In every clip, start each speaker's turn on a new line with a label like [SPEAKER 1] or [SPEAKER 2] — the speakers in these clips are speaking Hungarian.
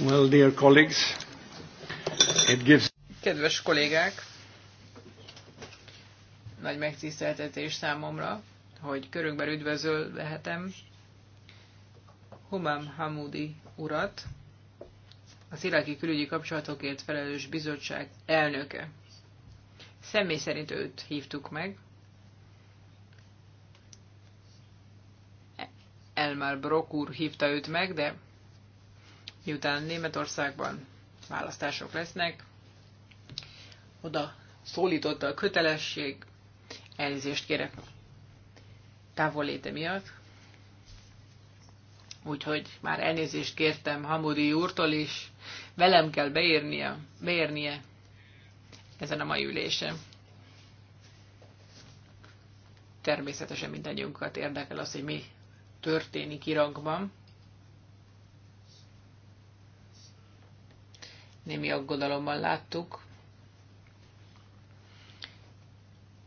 [SPEAKER 1] Well, dear colleagues, it gives...
[SPEAKER 2] Kedves kollégák, nagy megtiszteltetés számomra, hogy körünkben üdvözöl lehetem Humam Hamudi urat, az iraki külügyi kapcsolatokért felelős bizottság elnöke. Személy szerint őt hívtuk meg. Elmar Brok úr hívta őt meg, de miután Németországban választások lesznek, oda szólította a kötelesség, elnézést kérek távolléte miatt, úgyhogy már elnézést kértem Hamudi úrtól is, velem kell beérnie, beérnie ezen a mai ülésen. Természetesen mindannyiunkat érdekel az, hogy mi történik Irakban. némi aggodalommal láttuk,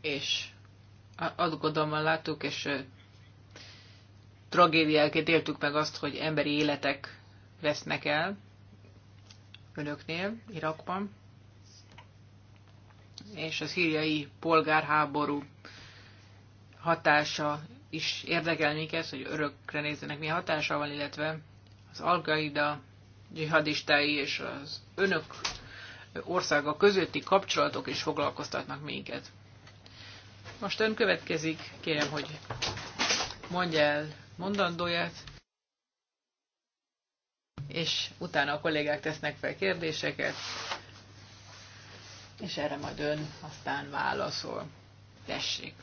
[SPEAKER 2] és aggodalommal láttuk, és tragédiáként éltük meg azt, hogy emberi életek vesznek el önöknél, Irakban, és a szíriai polgárháború hatása is érdekel minket, hogy örökre nézzenek mi hatása van, illetve az Al-Qaida dzsihadistái és az önök országa közötti kapcsolatok is foglalkoztatnak minket. Most ön következik, kérem, hogy mondja el mondandóját, és utána a kollégák tesznek fel kérdéseket, és erre majd ön aztán válaszol. Tessék,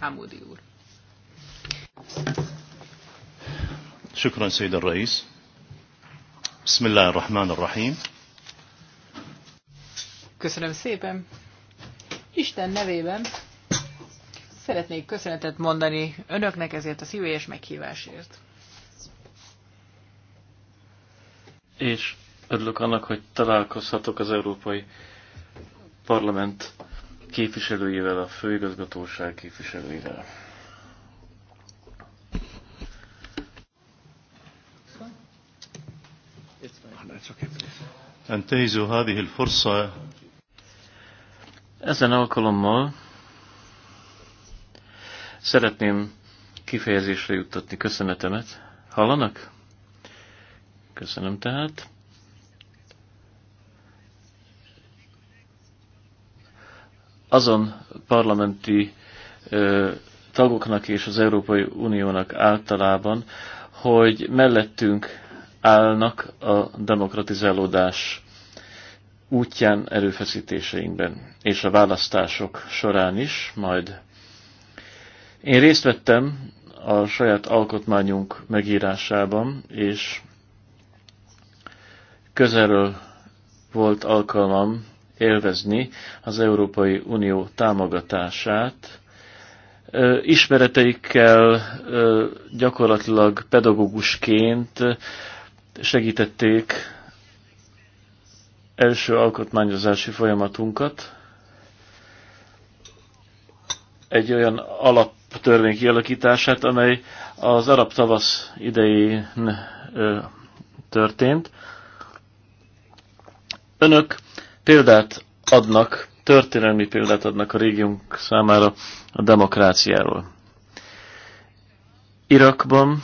[SPEAKER 2] Hamudi úr.
[SPEAKER 1] شكرا szépen, الرئيس Bismillahirrahmanirrahim.
[SPEAKER 2] Köszönöm szépen. Isten nevében szeretnék köszönetet mondani önöknek ezért a szívélyes meghívásért.
[SPEAKER 3] És örülök annak, hogy találkozhatok az Európai Parlament képviselőivel, a főigazgatóság képviselőivel. أنتهزوا هذه الفرصة ezen alkalommal szeretném kifejezésre juttatni köszönetemet. Hallanak? Köszönöm tehát. Azon parlamenti ö, tagoknak és az Európai Uniónak általában, hogy mellettünk állnak a demokratizálódás útján erőfeszítéseinkben, és a választások során is majd. Én részt vettem a saját alkotmányunk megírásában, és közelről volt alkalmam élvezni az Európai Unió támogatását. Ismereteikkel gyakorlatilag pedagógusként segítették első alkotmányozási folyamatunkat, egy olyan alaptörvény kialakítását, amely az arab tavasz idején ö, történt. Önök példát adnak, történelmi példát adnak a régiónk számára a demokráciáról. Irakban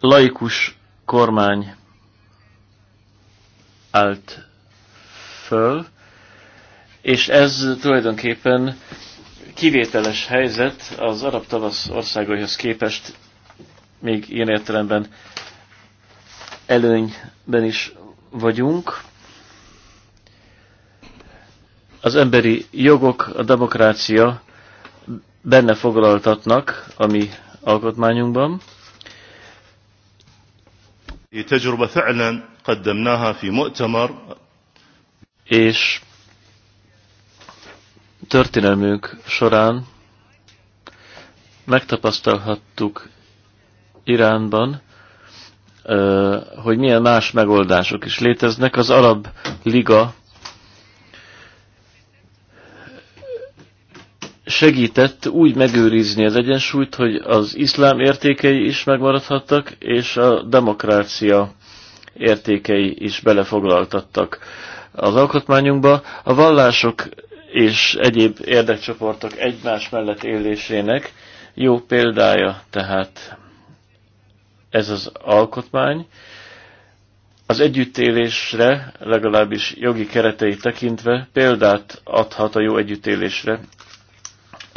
[SPEAKER 3] laikus kormány állt föl, és ez tulajdonképpen kivételes helyzet az arab tavasz országaihoz képest, még ilyen értelemben előnyben is vagyunk. Az emberi jogok, a demokrácia benne foglaltatnak a mi alkotmányunkban, تجربة فعلا قدمناها في مؤتمر és történelmünk során megtapasztalhattuk Iránban, hogy milyen más megoldások is léteznek. Az Arab Liga segített úgy megőrizni az egyensúlyt, hogy az iszlám értékei is megmaradhattak, és a demokrácia értékei is belefoglaltattak az alkotmányunkba. A vallások és egyéb érdekcsoportok egymás mellett élésének jó példája tehát ez az alkotmány. Az együttélésre, legalábbis jogi keretei tekintve példát adhat a jó együttélésre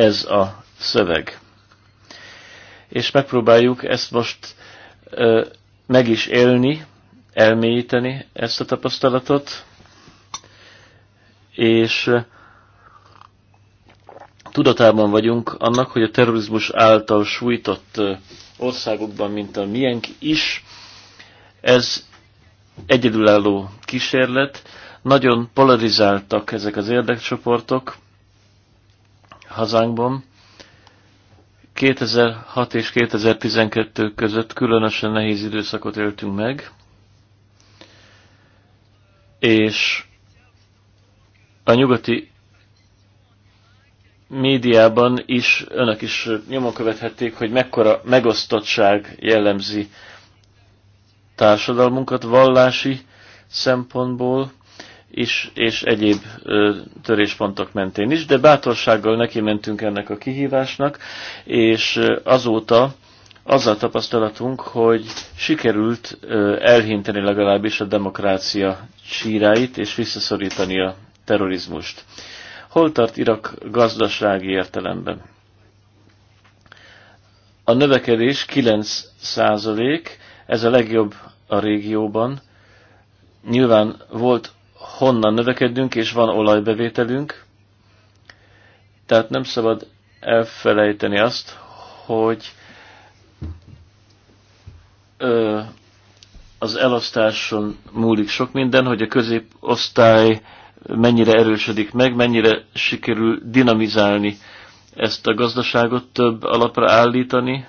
[SPEAKER 3] ez a szöveg. És megpróbáljuk ezt most ö, meg is élni, elmélyíteni ezt a tapasztalatot, és tudatában vagyunk annak, hogy a terrorizmus által sújtott országokban, mint a miénk is, ez egyedülálló kísérlet. Nagyon polarizáltak ezek az érdekcsoportok, hazánkban. 2006 és 2012 között különösen nehéz időszakot éltünk meg, és a nyugati médiában is, önök is nyomon követhették, hogy mekkora megosztottság jellemzi társadalmunkat vallási szempontból, is, és egyéb töréspontok mentén is, de bátorsággal neki mentünk ennek a kihívásnak, és azóta azzal tapasztalatunk, hogy sikerült elhinteni legalábbis a demokrácia síráit, és visszaszorítani a terrorizmust. Hol tart Irak gazdasági értelemben? A növekedés 9 százalék, ez a legjobb a régióban. Nyilván volt honnan növekedünk, és van olajbevételünk. Tehát nem szabad elfelejteni azt, hogy ö, az elosztáson múlik sok minden, hogy a középosztály mennyire erősödik meg, mennyire sikerül dinamizálni ezt a gazdaságot, több alapra állítani.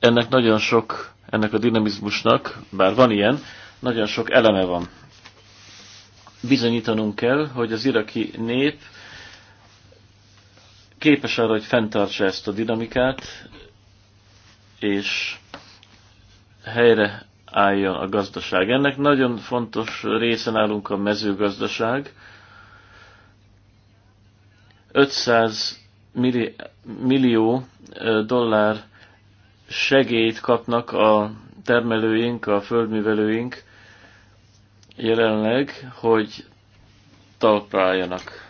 [SPEAKER 3] Ennek nagyon sok, ennek a dinamizmusnak, bár van ilyen, nagyon sok eleme van. Bizonyítanunk kell, hogy az iraki nép képes arra, hogy fenntartsa ezt a dinamikát, és helyre álljon a gazdaság. Ennek nagyon fontos részen állunk a mezőgazdaság. 500 millió dollár segélyt kapnak a termelőink, a földművelőink jelenleg, hogy talpra álljanak.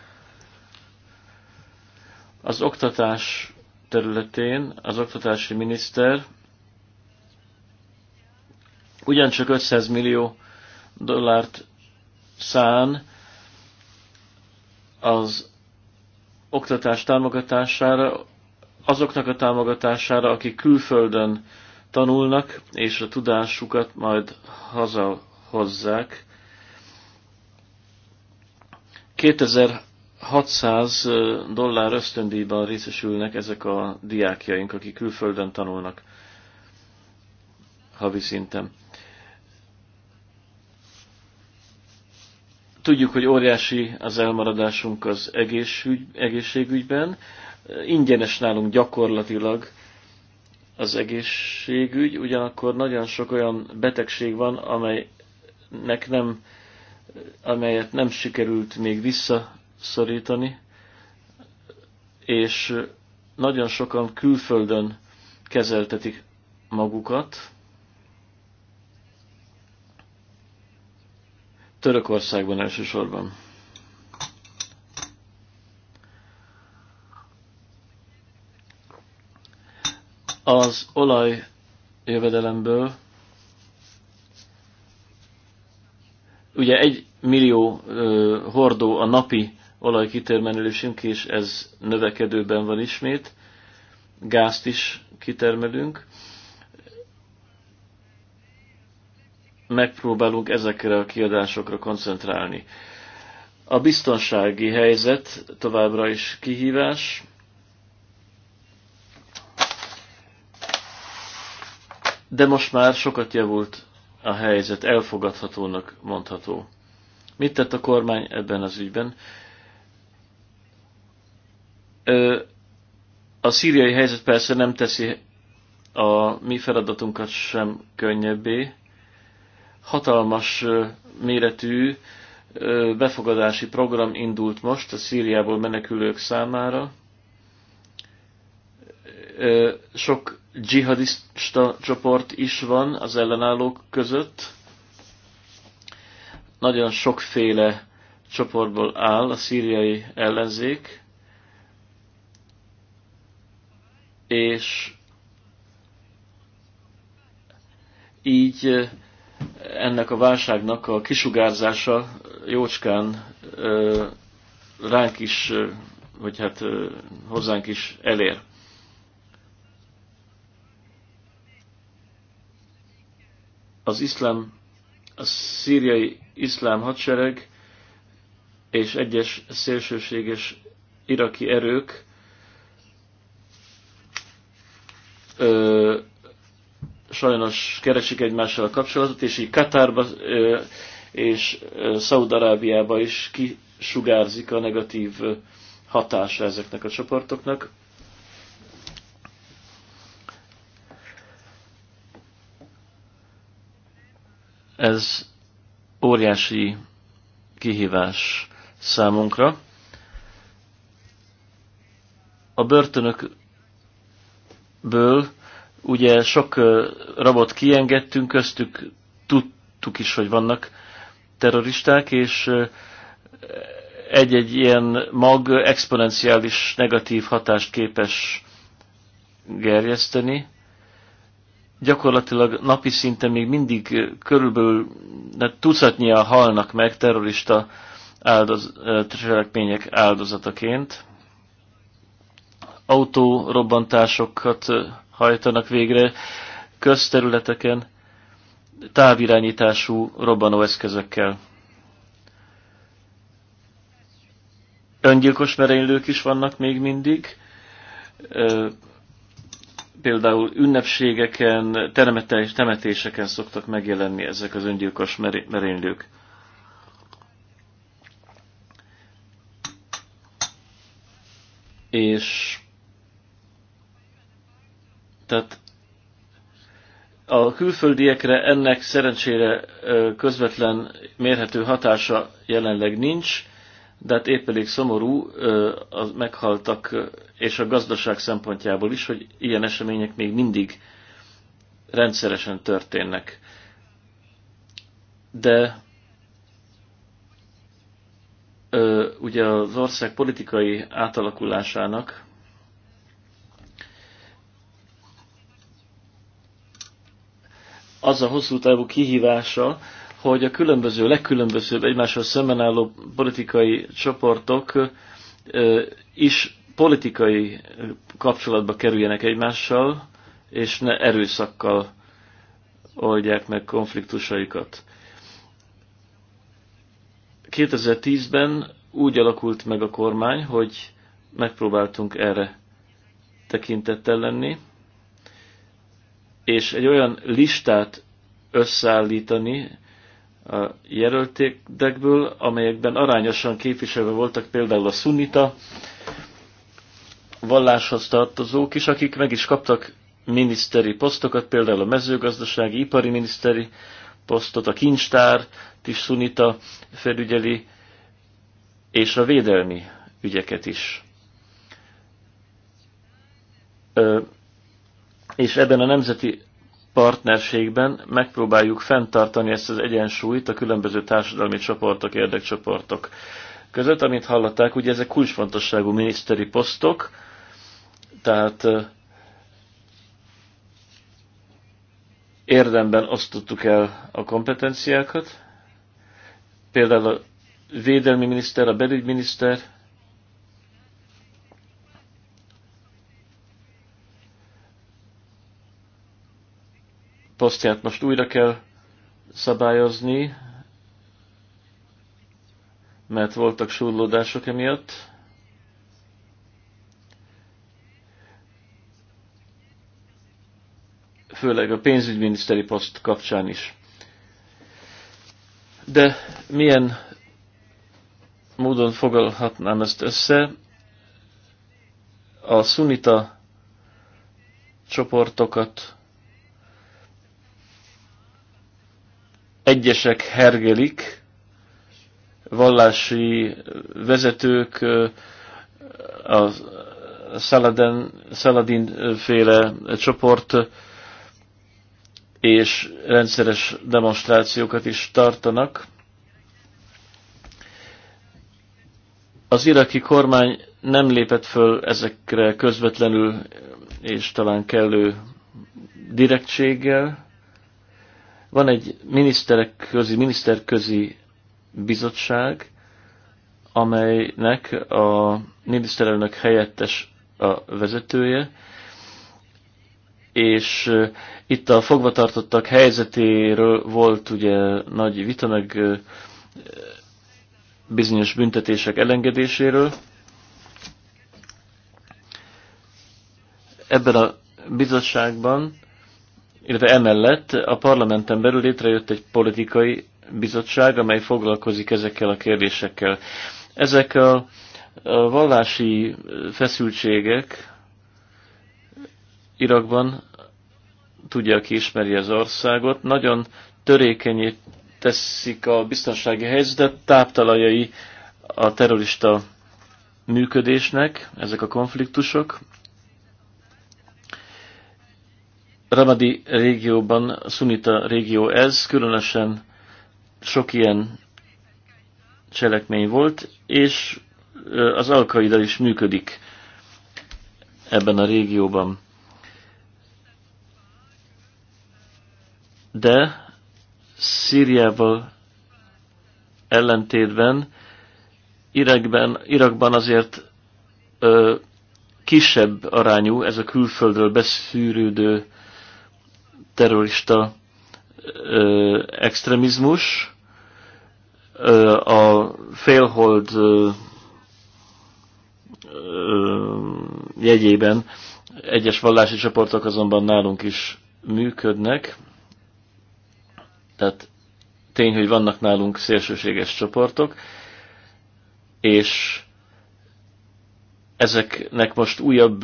[SPEAKER 3] Az oktatás területén az oktatási miniszter ugyancsak 500 millió dollárt szán az oktatás támogatására, azoknak a támogatására, akik külföldön tanulnak, és a tudásukat majd hazahozzák. 2600 dollár ösztöndíjban részesülnek ezek a diákjaink, akik külföldön tanulnak havi szinten. Tudjuk, hogy óriási az elmaradásunk az egészügy, egészségügyben. Ingyenes nálunk gyakorlatilag az egészségügy, ugyanakkor nagyon sok olyan betegség van, amelynek nem amelyet nem sikerült még visszaszorítani, és nagyon sokan külföldön kezeltetik magukat. Törökországban elsősorban. Az olaj jövedelemből Ugye egy millió ö, hordó a napi olajkitermelésünk, és ez növekedőben van ismét. Gázt is kitermelünk. Megpróbálunk ezekre a kiadásokra koncentrálni. A biztonsági helyzet továbbra is kihívás. De most már sokat javult a helyzet elfogadhatónak mondható. Mit tett a kormány ebben az ügyben? Ö, a szíriai helyzet persze nem teszi a mi feladatunkat sem könnyebbé. Hatalmas méretű befogadási program indult most a Szíriából menekülők számára. Sok dzsihadista csoport is van az ellenállók között. Nagyon sokféle csoportból áll a szíriai ellenzék, és így ennek a válságnak a kisugárzása jócskán ránk is, vagy hát hozzánk is elér. az iszlám, a szíriai iszlám hadsereg és egyes szélsőséges iraki erők ö, sajnos keresik egymással a kapcsolatot, és így Katárba ö, és szaúd is kisugárzik a negatív hatása ezeknek a csoportoknak. Ez óriási kihívás számunkra. A börtönökből ugye sok rabot kiengedtünk, köztük tudtuk is, hogy vannak terroristák, és egy-egy ilyen mag exponenciális negatív hatást képes gerjeszteni gyakorlatilag napi szinten még mindig körülbelül tucatnyian halnak meg terrorista áldoz, cselekmények áldozataként. Autórobbantásokat hajtanak végre közterületeken távirányítású robbanóeszközökkel. Öngyilkos merénylők is vannak még mindig, például ünnepségeken, és temetéseken szoktak megjelenni ezek az öngyilkos merénylők. És tehát a külföldiekre ennek szerencsére közvetlen mérhető hatása jelenleg nincs, de hát épp elég szomorú a meghaltak és a gazdaság szempontjából is, hogy ilyen események még mindig rendszeresen történnek. De ugye az ország politikai átalakulásának az a hosszú távú kihívása, hogy a különböző, legkülönbözőbb egymáshoz szemben álló politikai csoportok is politikai kapcsolatba kerüljenek egymással, és ne erőszakkal oldják meg konfliktusaikat. 2010-ben úgy alakult meg a kormány, hogy megpróbáltunk erre tekintettel lenni, és egy olyan listát összeállítani a jelöltékdekből, amelyekben arányosan képviselve voltak például a szunita valláshoz tartozók is, akik meg is kaptak miniszteri posztokat, például a mezőgazdasági, ipari miniszteri posztot, a kincstár is szunita felügyeli, és a védelmi ügyeket is. Ö, és ebben a nemzeti partnerségben megpróbáljuk fenntartani ezt az egyensúlyt a különböző társadalmi csoportok, érdekcsoportok között, amit hallották, ugye ezek kulcsfontosságú miniszteri posztok, tehát érdemben osztottuk el a kompetenciákat, például a védelmi miniszter, a belügyminiszter, posztját most újra kell szabályozni, mert voltak súrlódások emiatt. Főleg a pénzügyminiszteri poszt kapcsán is. De milyen módon fogalhatnám ezt össze? A szunita csoportokat egyesek hergelik, vallási vezetők a Saladin, Saladin féle csoport és rendszeres demonstrációkat is tartanak. Az iraki kormány nem lépett föl ezekre közvetlenül és talán kellő direktséggel, van egy miniszterek közi, miniszterközi bizottság, amelynek a miniszterelnök helyettes a vezetője, és itt a fogvatartottak helyzetéről volt ugye nagy vita, meg bizonyos büntetések elengedéséről. Ebben a bizottságban illetve emellett a parlamenten belül létrejött egy politikai bizottság, amely foglalkozik ezekkel a kérdésekkel. Ezek a, vallási feszültségek Irakban, tudja, aki ismeri az országot, nagyon törékenyé teszik a biztonsági helyzetet, táptalajai a terrorista működésnek ezek a konfliktusok, Ramadi régióban, Sunita régió ez, különösen sok ilyen cselekmény volt, és az Alkaida is működik ebben a régióban. De Szíriával ellentétben Irakben, Irakban azért ö, kisebb arányú ez a külföldről beszűrődő terrorista ö, extremizmus, ö, a félhold ö, ö, jegyében egyes vallási csoportok azonban nálunk is működnek, tehát tény, hogy vannak nálunk szélsőséges csoportok, és ezeknek most újabb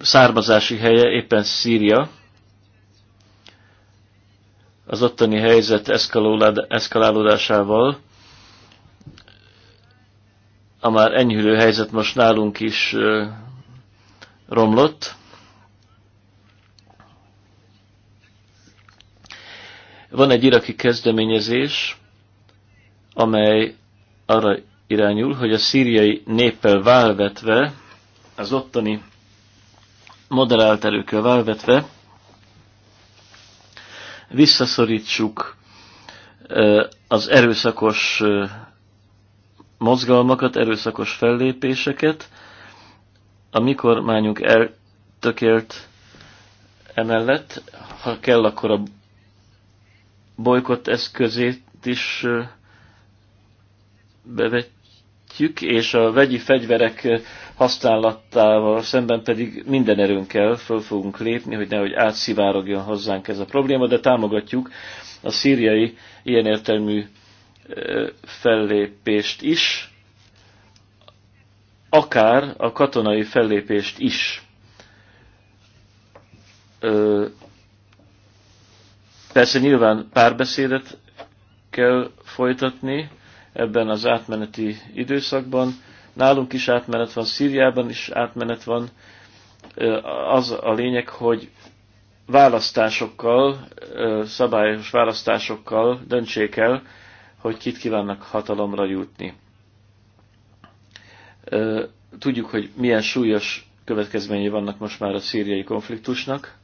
[SPEAKER 3] származási helye éppen Szíria, az ottani helyzet eszkalálódásával a már enyhülő helyzet most nálunk is romlott. Van egy iraki kezdeményezés, amely arra irányul, hogy a szíriai néppel válvetve, az ottani moderált erőkkel válvetve, visszaszorítsuk az erőszakos mozgalmakat, erőszakos fellépéseket. A mi kormányunk eltökélt emellett, ha kell, akkor a bolykott eszközét is bevetjük vetjük, és a vegyi fegyverek használatával szemben pedig minden erőnkkel föl fogunk lépni, hogy nehogy átszivárogjon hozzánk ez a probléma, de támogatjuk a szíriai ilyen értelmű fellépést is, akár a katonai fellépést is. Persze nyilván párbeszédet kell folytatni, ebben az átmeneti időszakban. Nálunk is átmenet van, Szíriában is átmenet van. Az a lényeg, hogy választásokkal, szabályos választásokkal döntsék el, hogy kit kívánnak hatalomra jutni. Tudjuk, hogy milyen súlyos következményei vannak most már a szíriai konfliktusnak,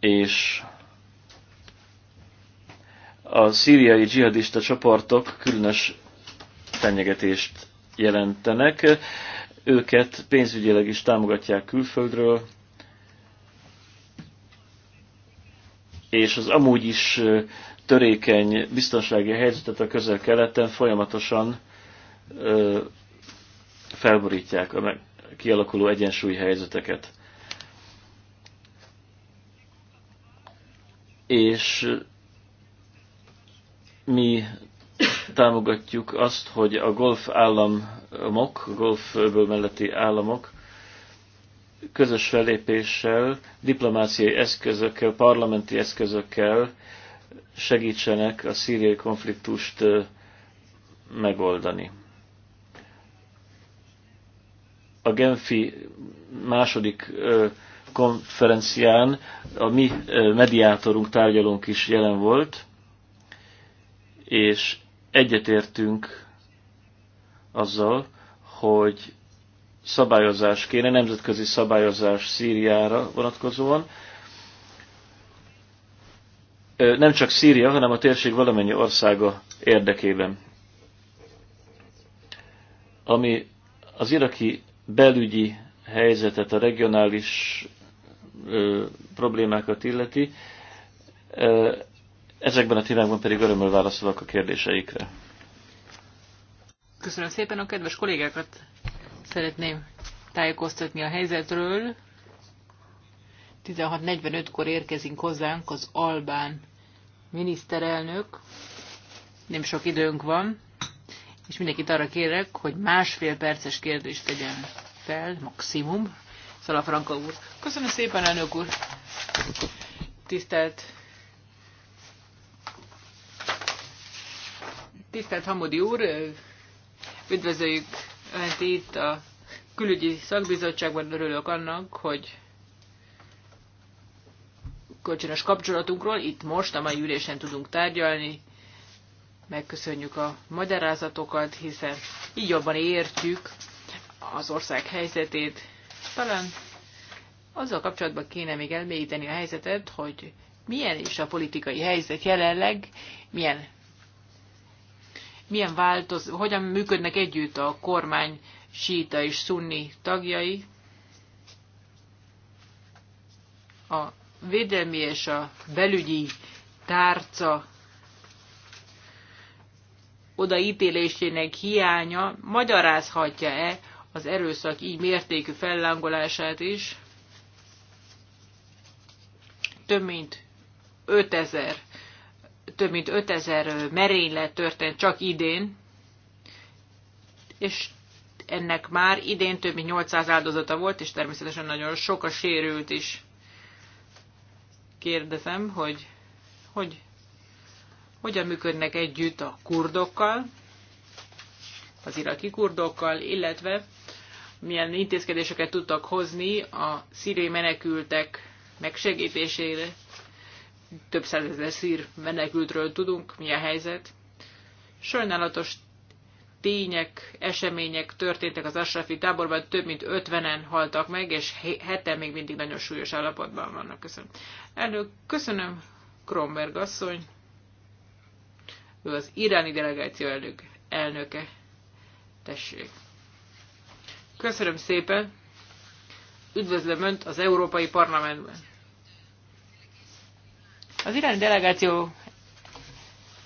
[SPEAKER 3] és a szíriai dzsihadista csoportok különös fenyegetést jelentenek. Őket pénzügyileg is támogatják külföldről, és az amúgy is törékeny biztonsági helyzetet a közel-keleten folyamatosan ö, felborítják a meg, kialakuló egyensúly helyzeteket. És mi támogatjuk azt, hogy a golf államok, a golf melletti államok közös fellépéssel, diplomáciai eszközökkel, parlamenti eszközökkel segítsenek a szíriai konfliktust megoldani. A Genfi második konferencián a mi mediátorunk, tárgyalónk is jelen volt, és egyetértünk azzal, hogy szabályozás kéne, nemzetközi szabályozás Szíriára vonatkozóan. Nem csak Szíria, hanem a térség valamennyi országa érdekében. Ami az iraki belügyi helyzetet, a regionális ö, problémákat illeti, ö, Ezekben a témákban pedig örömmel válaszolok a kérdéseikre.
[SPEAKER 2] Köszönöm szépen a kedves kollégákat. Szeretném tájékoztatni a helyzetről. 16.45-kor érkezünk hozzánk az Albán miniszterelnök. Nem sok időnk van, és mindenkit arra kérek, hogy másfél perces kérdést tegyen fel, maximum. Franka úr. Köszönöm szépen, elnök úr. Tisztelt Tisztelt Hamodi úr, üdvözöljük Önt itt a külügyi szakbizottságban. Örülök annak, hogy kölcsönös kapcsolatunkról itt most a mai ülésen tudunk tárgyalni. Megköszönjük a magyarázatokat, hiszen így jobban értjük az ország helyzetét. Talán azzal kapcsolatban kéne még elmélyíteni a helyzetet, hogy milyen is a politikai helyzet jelenleg, milyen milyen változ, hogyan működnek együtt a kormány síta és szunni tagjai. A védelmi és a belügyi tárca odaítélésének hiánya magyarázhatja-e az erőszak így mértékű fellángolását is? Több mint 5000 több mint 5000 merénylet történt csak idén, és ennek már idén több mint 800 áldozata volt, és természetesen nagyon sok a sérült is. Kérdezem, hogy, hogy hogyan működnek együtt a kurdokkal, az iraki kurdokkal, illetve milyen intézkedéseket tudtak hozni a szíriai menekültek megsegítésére, több százezer szír menekültről tudunk, mi a helyzet. Sajnálatos tények, események történtek az Asrafi táborban, több mint 50-en haltak meg, és heten még mindig nagyon súlyos állapotban vannak. Köszönöm. Elő, köszönöm, Kronberg asszony. Ő az iráni delegáció elnök, elnöke. Tessék. Köszönöm szépen. Üdvözlöm Önt az Európai Parlamentben. Az iráni delegáció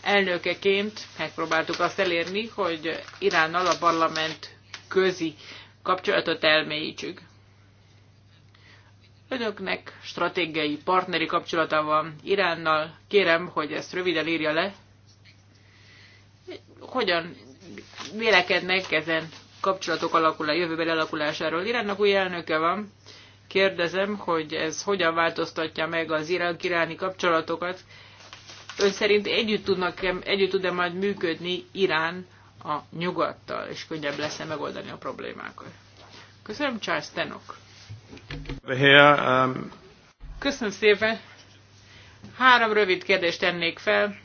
[SPEAKER 2] elnökeként megpróbáltuk azt elérni, hogy Iránnal a parlament közi kapcsolatot elmélyítsük. Önöknek stratégiai partneri kapcsolata van Iránnal. Kérem, hogy ezt röviden írja le. Hogyan vélekednek ezen kapcsolatok alakul a jövőben alakulásáról? Iránnak új elnöke van. Kérdezem, hogy ez hogyan változtatja meg az irak-iráni kapcsolatokat. Ön szerint együtt, tudnak, együtt tud-e majd működni Irán a nyugattal, és könnyebb lesz-e megoldani a problémákat? Köszönöm, Charles Tenok.
[SPEAKER 1] Um,
[SPEAKER 2] Köszönöm szépen. Három rövid kérdést tennék fel.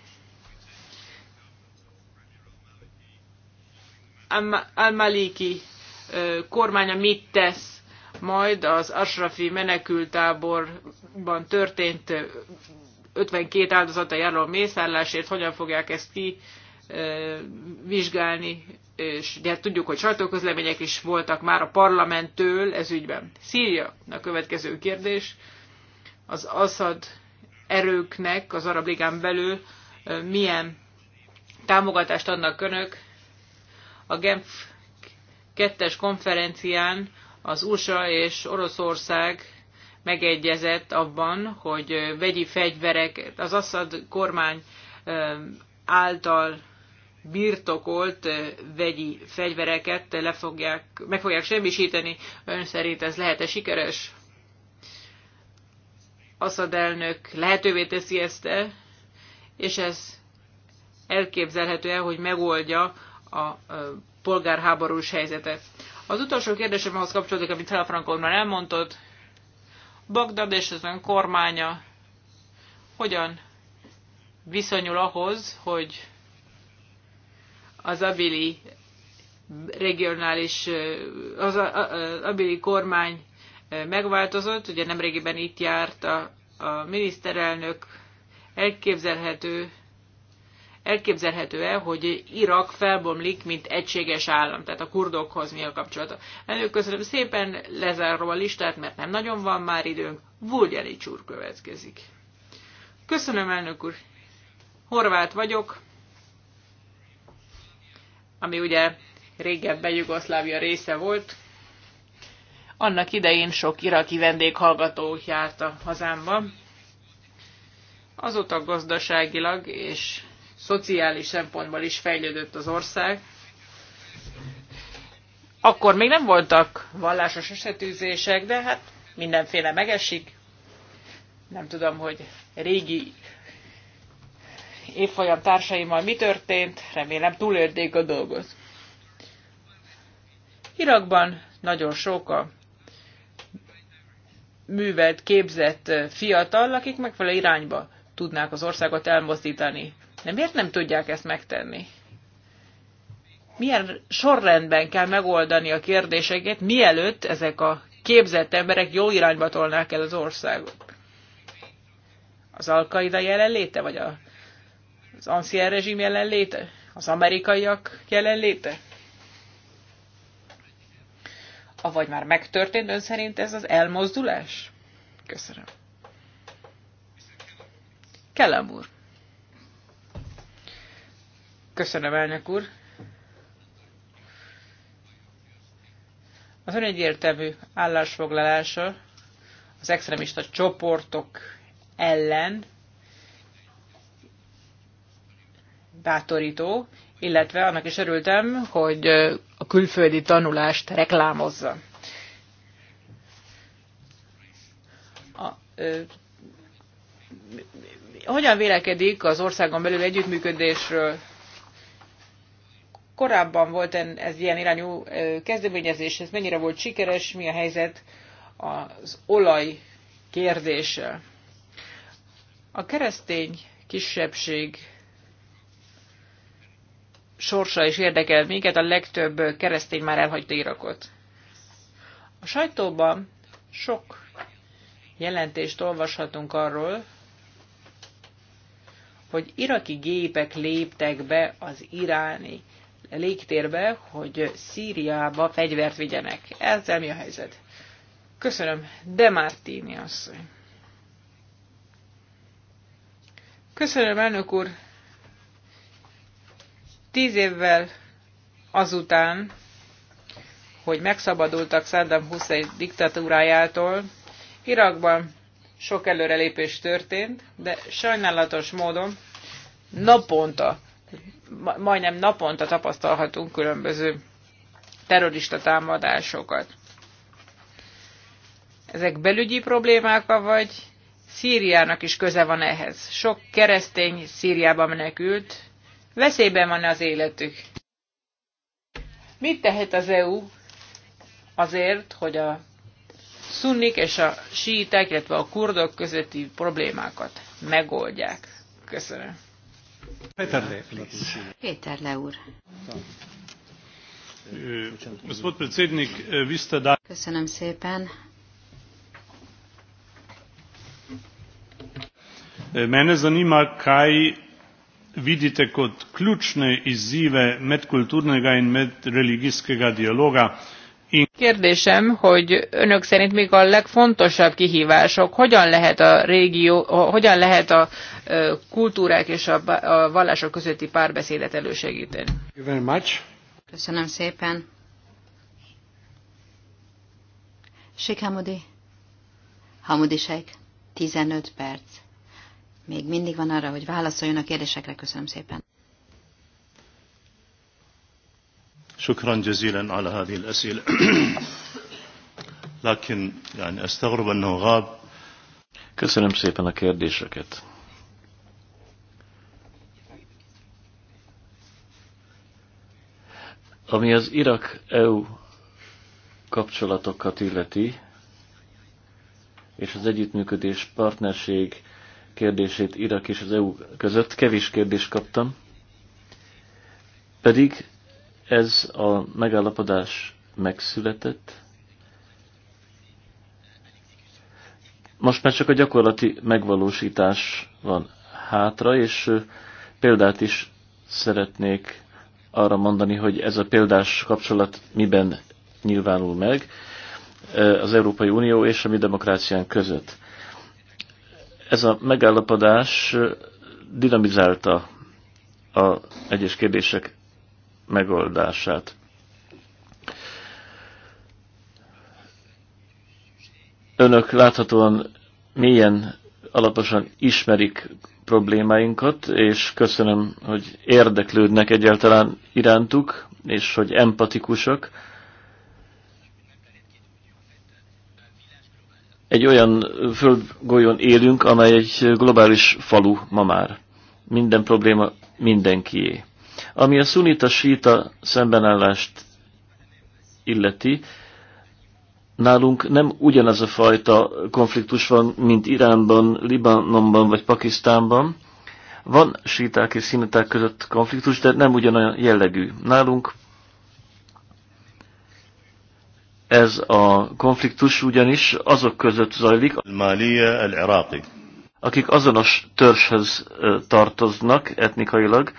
[SPEAKER 2] Al-Maliki kormánya mit tesz majd az Ashrafi menekültáborban történt 52 áldozata járó mészállásért hogyan fogják ezt ki vizsgálni, és hát tudjuk, hogy sajtóközlemények is voltak már a parlamenttől ez ügyben. Szíria, a következő kérdés, az Assad erőknek az Arab Ligán belül milyen támogatást adnak önök a Genf kettes konferencián az USA és Oroszország megegyezett abban, hogy vegyi fegyverek, az Assad kormány által birtokolt vegyi fegyvereket le fogják, meg fogják semmisíteni. Ön szerint ez lehet-e sikeres? Assad elnök lehetővé teszi ezt -e, és ez elképzelhető el, hogy megoldja a polgárháborús helyzetet. Az utolsó kérdésem ahhoz kapcsolódik, amit Helfrankon már elmondott. Bagdad és az ön kormánya hogyan viszonyul ahhoz, hogy az abili regionális, az abili kormány megváltozott, ugye nemrégiben itt járt a, a miniszterelnök, elképzelhető, elképzelhető-e, hogy Irak felbomlik, mint egységes állam, tehát a kurdokhoz mi a kapcsolata. Elnök, köszönöm szépen, lezárom a listát, mert nem nagyon van már időnk. Vulgyeli csúr következik. Köszönöm, elnök úr. Horvát vagyok, ami ugye régebben Jugoszlávia része volt. Annak idején sok iraki vendéghallgató járt a hazámba. Azóta gazdaságilag és szociális szempontból is fejlődött az ország. Akkor még nem voltak vallásos esetűzések, de hát mindenféle megesik. Nem tudom, hogy régi évfolyam társaimmal mi történt, remélem túlérték a dolgot. Irakban nagyon sok a művelt, képzett fiatal, akik megfelelő irányba tudnák az országot elmozdítani. De miért nem tudják ezt megtenni? Milyen sorrendben kell megoldani a kérdéseket, mielőtt ezek a képzett emberek jó irányba tolnák el az országot? Az alkaida jelenléte, vagy a, az ancien rezsim jelenléte? Az amerikaiak jelenléte? Avagy már megtörtént ön szerint ez az elmozdulás? Köszönöm. Kellem úr. Köszönöm, elnök úr. Az ön egyértelmű állásfoglalása az extremista csoportok ellen bátorító, illetve annak is örültem, hogy a külföldi tanulást reklámozza. A, ö, hogyan vélekedik az országon belül együttműködésről korábban volt ez ilyen irányú kezdeményezés, ez mennyire volt sikeres, mi a helyzet az olaj kérdése. A keresztény kisebbség sorsa is érdekel minket, a legtöbb keresztény már elhagyta Irakot. A sajtóban sok jelentést olvashatunk arról, hogy iraki gépek léptek be az iráni légtérbe, hogy Szíriába fegyvert vigyenek. Ezzel mi a helyzet? Köszönöm. De Martini asszony. Köszönöm, elnök úr. Tíz évvel azután, hogy megszabadultak Saddam Hussein diktatúrájától, Irakban sok előrelépés történt, de sajnálatos módon naponta majdnem naponta tapasztalhatunk különböző terrorista támadásokat. Ezek belügyi problémák, vagy Szíriának is köze van ehhez. Sok keresztény Szíriába menekült, veszélyben van az életük. Mit tehet az EU azért, hogy a szunnik és a síitek, illetve a kurdok közötti problémákat megoldják? Köszönöm.
[SPEAKER 4] Péterle,
[SPEAKER 1] please.
[SPEAKER 4] Péterle úr. Köszönöm szépen.
[SPEAKER 1] Mene zanima, kaj vidite kot ključne izzive medkulturnega in medreligijskega dialoga
[SPEAKER 2] Kérdésem, hogy önök szerint még a legfontosabb kihívások, hogyan lehet a régió, hogyan lehet a kultúrák és a, vallások közötti párbeszédet elősegíteni?
[SPEAKER 4] Köszönöm szépen. Sik Hamudi. Hamudi Sejk, 15 perc. Még mindig van arra, hogy válaszoljon a kérdésekre. Köszönöm szépen.
[SPEAKER 1] شكرا جزيلا على هذه الأسئلة لكن يعني أستغرب
[SPEAKER 3] أنه غاب Köszönöm szépen a kérdéseket. Ami az Irak-EU kapcsolatokat illeti, és az együttműködés, partnerség kérdését Irak és az EU között, kevés kérdést kaptam, pedig ez a megállapodás megszületett. Most már csak a gyakorlati megvalósítás van hátra, és példát is szeretnék arra mondani, hogy ez a példás kapcsolat miben nyilvánul meg az Európai Unió és a mi demokrácián között. Ez a megállapodás dinamizálta a egyes kérdések megoldását. Önök láthatóan milyen alaposan ismerik problémáinkat, és köszönöm, hogy érdeklődnek egyáltalán irántuk, és hogy empatikusak. Egy olyan földgolyón élünk, amely egy globális falu ma már. Minden probléma mindenkié. Ami a szunita-síta szembenállást illeti, nálunk nem ugyanaz a fajta konfliktus van, mint Iránban, Libanonban vagy Pakisztánban. Van síták és színeták között konfliktus, de nem ugyanolyan jellegű. Nálunk ez a konfliktus ugyanis azok között zajlik, akik azonos törzshöz tartoznak etnikailag,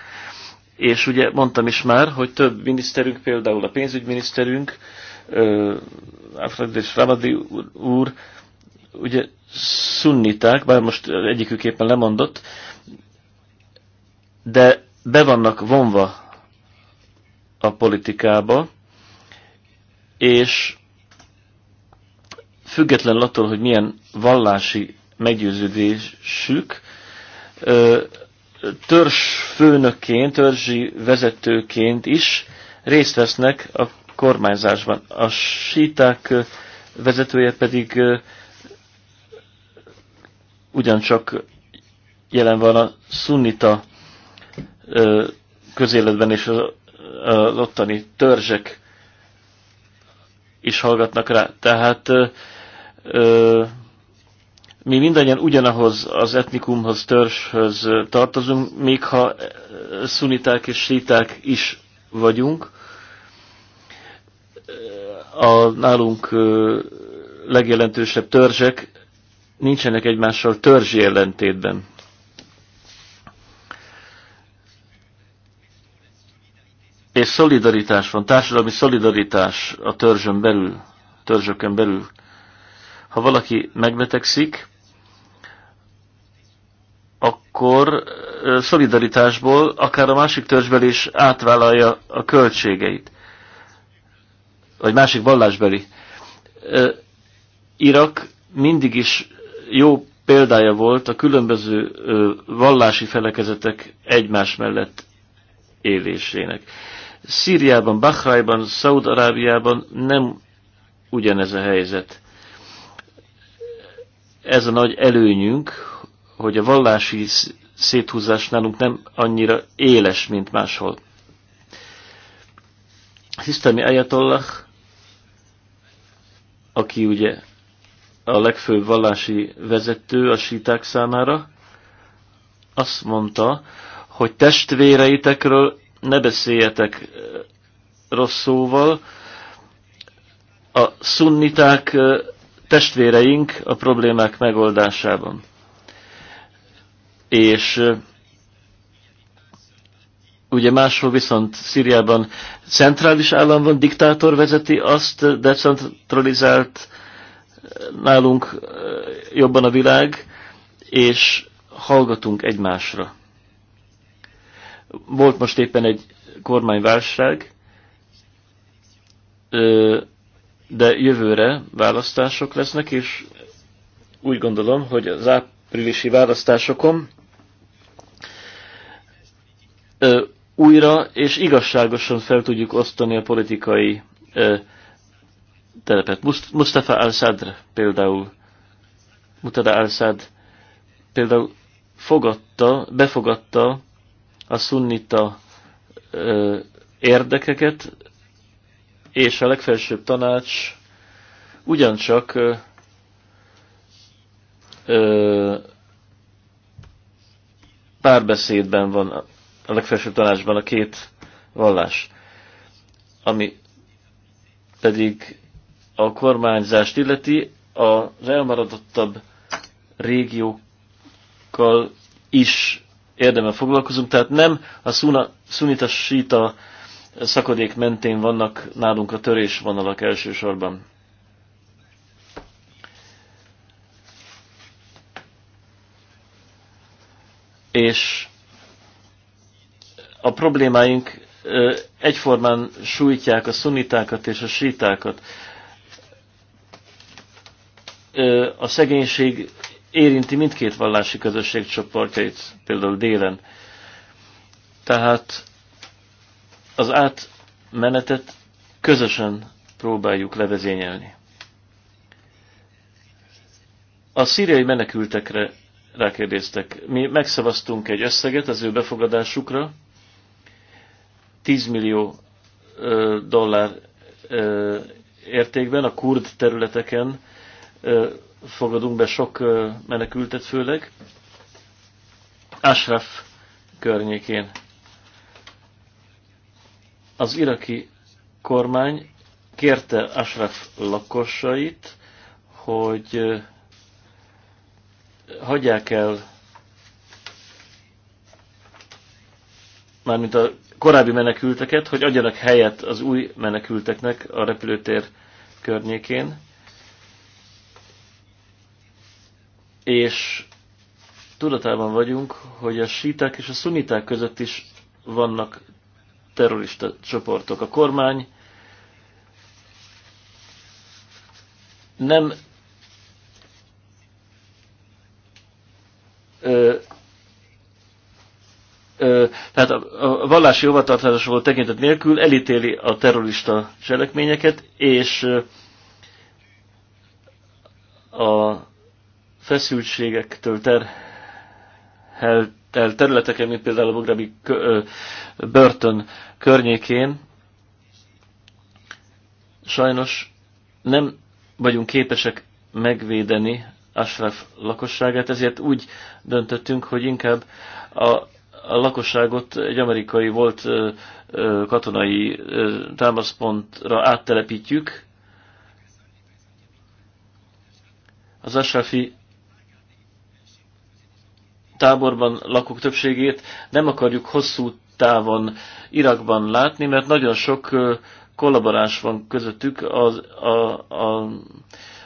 [SPEAKER 3] és ugye mondtam is már, hogy több miniszterünk, például a pénzügyminiszterünk, Alfred és Ramadi úr, ugye szunniták, bár most egyikük éppen lemondott, de be vannak vonva a politikába, és független attól, hogy milyen vallási meggyőződésük, főnökként, törzsi vezetőként is részt vesznek a kormányzásban. A síták vezetője pedig ugyancsak jelen van a szunnita közéletben, és az, ottani törzsek is hallgatnak rá. Tehát mi mindannyian ugyanahoz az etnikumhoz, törzshöz tartozunk, még ha eh, szuniták és síták is vagyunk. A nálunk eh, legjelentősebb törzsek nincsenek egymással törzsi ellentétben. És szolidaritás van, társadalmi szolidaritás a törzsön belül, törzsöken belül. Ha valaki megbetegszik, akkor szolidaritásból akár a másik törzsbel is átvállalja a költségeit. Vagy másik vallásbeli. Irak mindig is jó példája volt a különböző vallási felekezetek egymás mellett élésének. Szíriában, Bahrajban, Szaud-Arábiában nem ugyanez a helyzet. Ez a nagy előnyünk, hogy a vallási széthúzás nálunk nem annyira éles, mint máshol. Hisztami Ayatollah, aki ugye a legfőbb vallási vezető a síták számára, azt mondta, hogy testvéreitekről ne beszéljetek rossz szóval, a szunniták testvéreink a problémák megoldásában és ugye máshol viszont Szíriában centrális állam van, diktátor vezeti azt, decentralizált nálunk jobban a világ, és hallgatunk egymásra. Volt most éppen egy kormányválság, de jövőre választások lesznek, és úgy gondolom, hogy az áprilisi választásokon újra és igazságosan fel tudjuk osztani a politikai telepet. Mustafa al-Sadr például, Mutada al-Sadr például fogadta, befogadta a szunnita ö, érdekeket, és a legfelsőbb tanács ugyancsak ö, ö, párbeszédben van a legfelsőbb tanácsban a két vallás, ami pedig a kormányzást illeti, az elmaradottabb régiókkal is érdemel foglalkozunk, tehát nem a szunitasíta szakadék mentén vannak nálunk a törésvonalak elsősorban. És a problémáink egyformán sújtják a szunitákat és a sítákat. A szegénység érinti mindkét vallási közösség csoportjait, például délen. Tehát az átmenetet közösen próbáljuk levezényelni. A szíriai menekültekre rákérdeztek. Mi megszavaztunk egy összeget az ő befogadásukra, 10 millió dollár értékben a kurd területeken fogadunk be sok menekültet főleg. Ashraf környékén. Az iraki kormány kérte Ashraf lakosait, hogy hagyják el mármint a korábbi menekülteket, hogy adjanak helyet az új menekülteknek a repülőtér környékén. És tudatában vagyunk, hogy a síták és a szuniták között is vannak terrorista csoportok. A kormány nem tehát a vallási hovatartozás volt tekintet nélkül elítéli a terrorista cselekményeket, és a feszültségektől terhelt el területeken, mint például a Bogrebi börtön környékén, sajnos nem vagyunk képesek megvédeni Ashraf lakosságát, ezért úgy döntöttünk, hogy inkább a a lakosságot egy amerikai volt katonai támaszpontra áttelepítjük. Az Asrafi táborban lakók többségét nem akarjuk hosszú távon Irakban látni, mert nagyon sok kollaboráns van közöttük az, a, a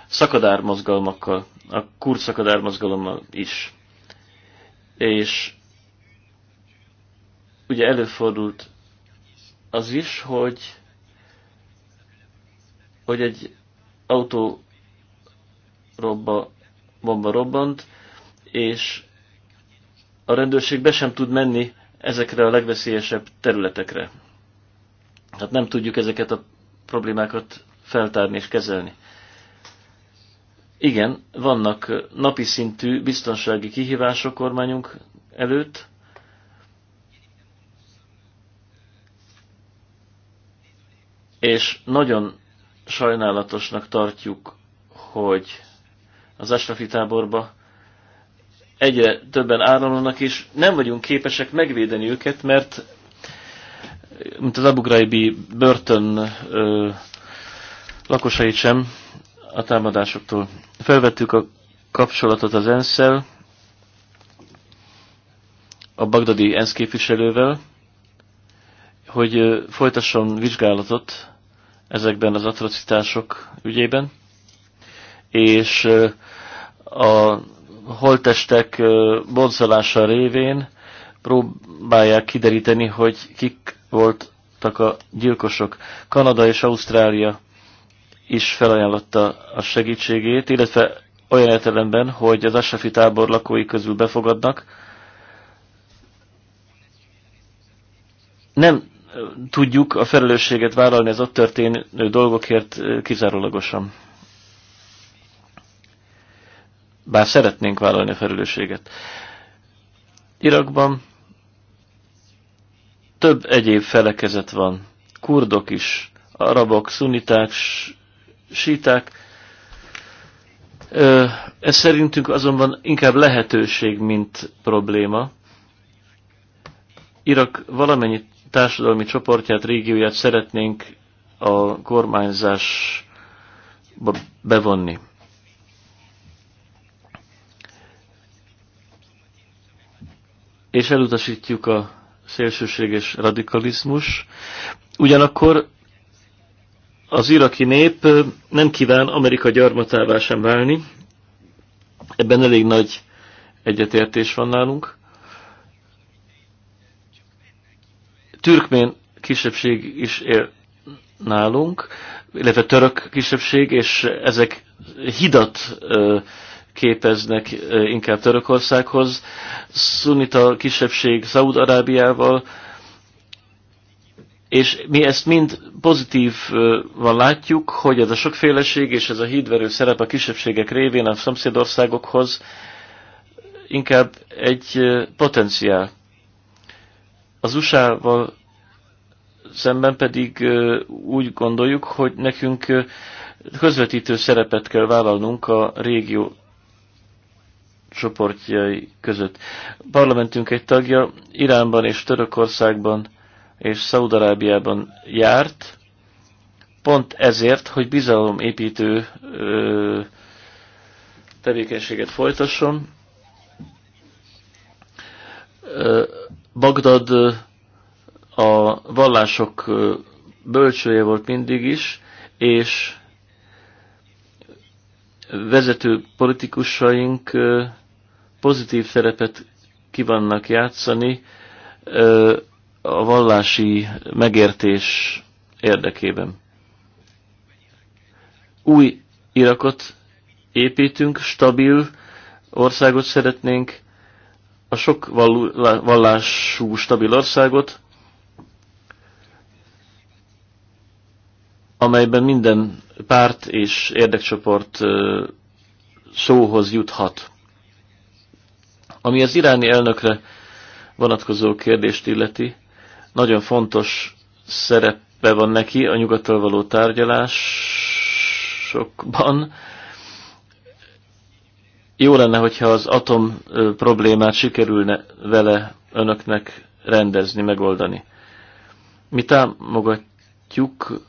[SPEAKER 3] szakadármozgalmakkal, a kurd szakadármozgalommal is. És ugye előfordult az is, hogy, hogy egy autó robba, bomba robbant, és a rendőrség be sem tud menni ezekre a legveszélyesebb területekre. Tehát nem tudjuk ezeket a problémákat feltárni és kezelni. Igen, vannak napi szintű biztonsági kihívások kormányunk előtt, és nagyon sajnálatosnak tartjuk, hogy az Asrafi táborba egyre többen áramlanak, és nem vagyunk képesek megvédeni őket, mert mint az Abu Ghraibi börtön ö, lakosait sem a támadásoktól. Felvettük a kapcsolatot az ensz a bagdadi ENSZ képviselővel, hogy folytasson vizsgálatot ezekben az atrocitások ügyében, és a holtestek boncolása révén próbálják kideríteni, hogy kik voltak a gyilkosok. Kanada és Ausztrália is felajánlotta a segítségét, illetve olyan értelemben, hogy az Asafi tábor lakói közül befogadnak. Nem tudjuk a felelősséget vállalni az ott történő dolgokért kizárólagosan. Bár szeretnénk vállalni a felelősséget. Irakban több egyéb felekezet van. Kurdok is, arabok, szuniták, síták. Ez szerintünk azonban inkább lehetőség, mint probléma. Irak valamennyit társadalmi csoportját, régióját szeretnénk a kormányzásba bevonni. És elutasítjuk a szélsőséges radikalizmus. Ugyanakkor az iraki nép nem kíván Amerika gyarmatává sem válni. Ebben elég nagy egyetértés van nálunk. türkmén kisebbség is él nálunk, illetve török kisebbség, és ezek hidat képeznek inkább Törökországhoz, szunita kisebbség Szaúd-Arábiával, és mi ezt mind pozitívan látjuk, hogy ez a sokféleség és ez a hídverő szerep a kisebbségek révén a szomszédországokhoz inkább egy potenciál. Az USA-val szemben pedig úgy gondoljuk, hogy nekünk közvetítő szerepet kell vállalnunk a régió csoportjai között. Parlamentünk egy tagja Iránban és Törökországban és Szaudarábiában járt, pont ezért, hogy bizalomépítő tevékenységet folytasson. Ö, Bagdad a vallások bölcsője volt mindig is, és vezető politikusaink pozitív szerepet kivannak játszani a vallási megértés érdekében. Új Irakot építünk, stabil országot szeretnénk, a sok vallású stabil országot, amelyben minden párt és érdekcsoport szóhoz juthat. Ami az iráni elnökre vonatkozó kérdést illeti, nagyon fontos szerepe van neki a nyugattal való tárgyalásokban, jó lenne, hogyha az atom problémát sikerülne vele önöknek rendezni, megoldani. Mi támogatjuk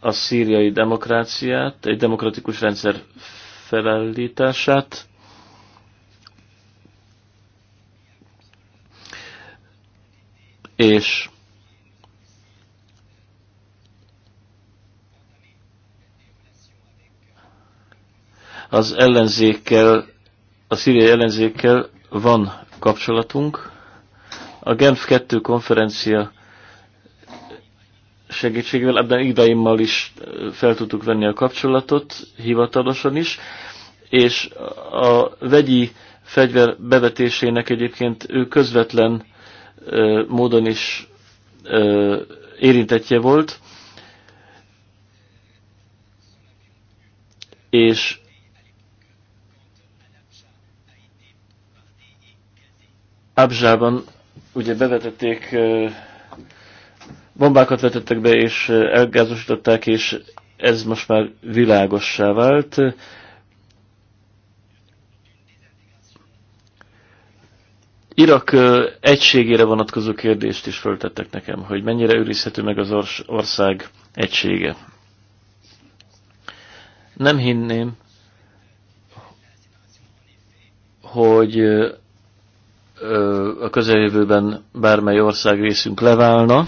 [SPEAKER 3] a szíriai demokráciát, egy demokratikus rendszer felállítását, és Az ellenzékkel, a szíriai ellenzékkel van kapcsolatunk. A Genf 2 konferencia segítségével, ebben idaimmal is fel tudtuk venni a kapcsolatot, hivatalosan is, és a vegyi fegyver bevetésének egyébként ő közvetlen ö, módon is ö, érintettje volt, és Abzsában ugye bevetették, bombákat vetettek be, és elgázosították, és ez most már világossá vált. Irak egységére vonatkozó kérdést is föltettek nekem, hogy mennyire őrizhető meg az ország egysége. Nem hinném, hogy a közeljövőben bármely ország részünk leválna.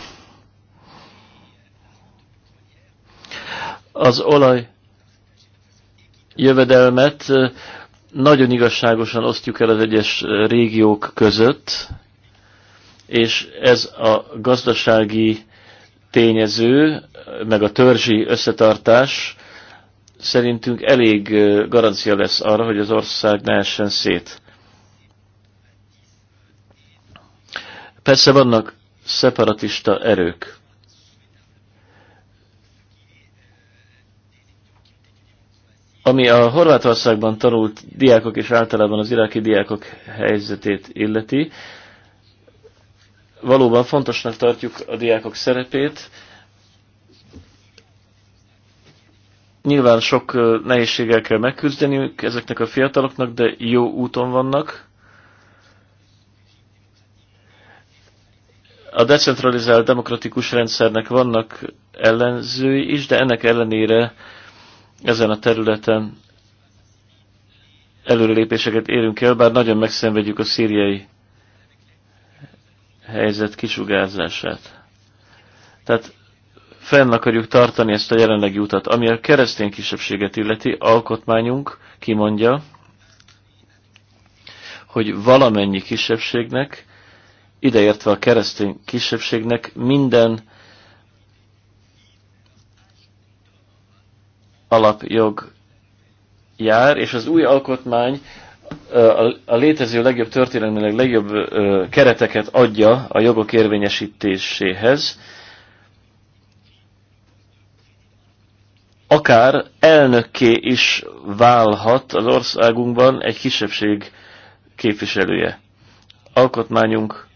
[SPEAKER 3] Az olaj jövedelmet nagyon igazságosan osztjuk el az egyes régiók között, és ez a gazdasági tényező, meg a törzsi összetartás szerintünk elég garancia lesz arra, hogy az ország ne essen szét. Persze vannak szeparatista erők. Ami a Horvátországban tanult diákok és általában az iráki diákok helyzetét illeti, valóban fontosnak tartjuk a diákok szerepét. Nyilván sok nehézséggel kell megküzdeniük ezeknek a fiataloknak, de jó úton vannak. A decentralizált demokratikus rendszernek vannak ellenzői is, de ennek ellenére ezen a területen előrelépéseket érünk el, bár nagyon megszenvedjük a szíriai helyzet kisugárzását. Tehát fenn akarjuk tartani ezt a jelenlegi utat. Ami a keresztény kisebbséget illeti, alkotmányunk kimondja, hogy valamennyi kisebbségnek ideértve a keresztény kisebbségnek minden alapjog jár, és az új alkotmány a létező legjobb történelmileg legjobb kereteket adja a jogok érvényesítéséhez, akár elnökké is válhat az országunkban egy kisebbség képviselője. Alkotmányunk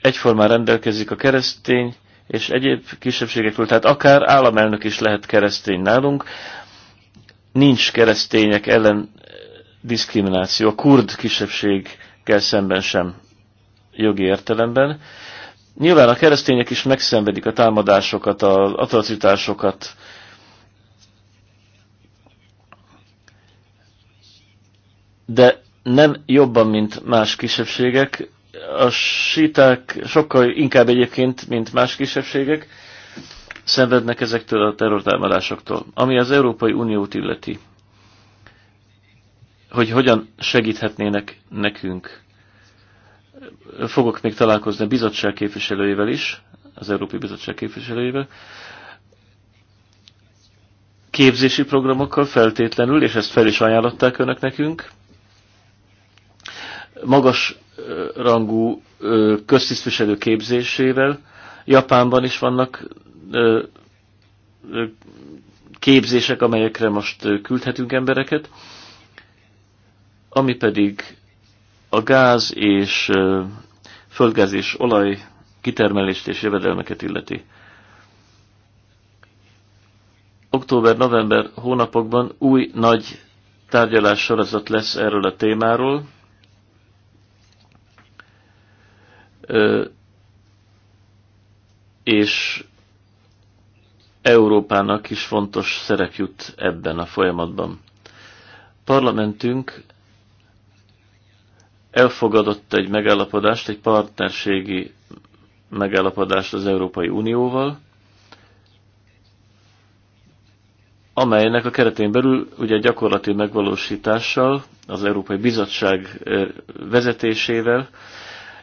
[SPEAKER 3] egyformán rendelkezik a keresztény és egyéb kisebbségekről, tehát akár államelnök is lehet keresztény nálunk. Nincs keresztények ellen diszkrimináció, a kurd kisebbséggel szemben sem jogi értelemben. Nyilván a keresztények is megszenvedik a támadásokat, az atrocitásokat, de nem jobban, mint más kisebbségek, a síták sokkal inkább egyébként, mint más kisebbségek, szenvednek ezektől a terrortámadásoktól. Ami az Európai Uniót illeti, hogy hogyan segíthetnének nekünk. Fogok még találkozni a bizottság képviselőjével is, az Európai Bizottság képviselőjével, képzési programokkal feltétlenül, és ezt fel is ajánlották önök nekünk, magas rangú köztisztviselő képzésével. Japánban is vannak képzések, amelyekre most küldhetünk embereket, ami pedig a gáz és földgáz és olaj kitermelést és jövedelmeket illeti. Október-november hónapokban új nagy tárgyalássorozat lesz erről a témáról, és Európának is fontos szerep jut ebben a folyamatban. Parlamentünk elfogadott egy megállapodást, egy partnerségi megállapodást az Európai Unióval, amelynek a keretén belül ugye gyakorlati megvalósítással, az Európai Bizottság vezetésével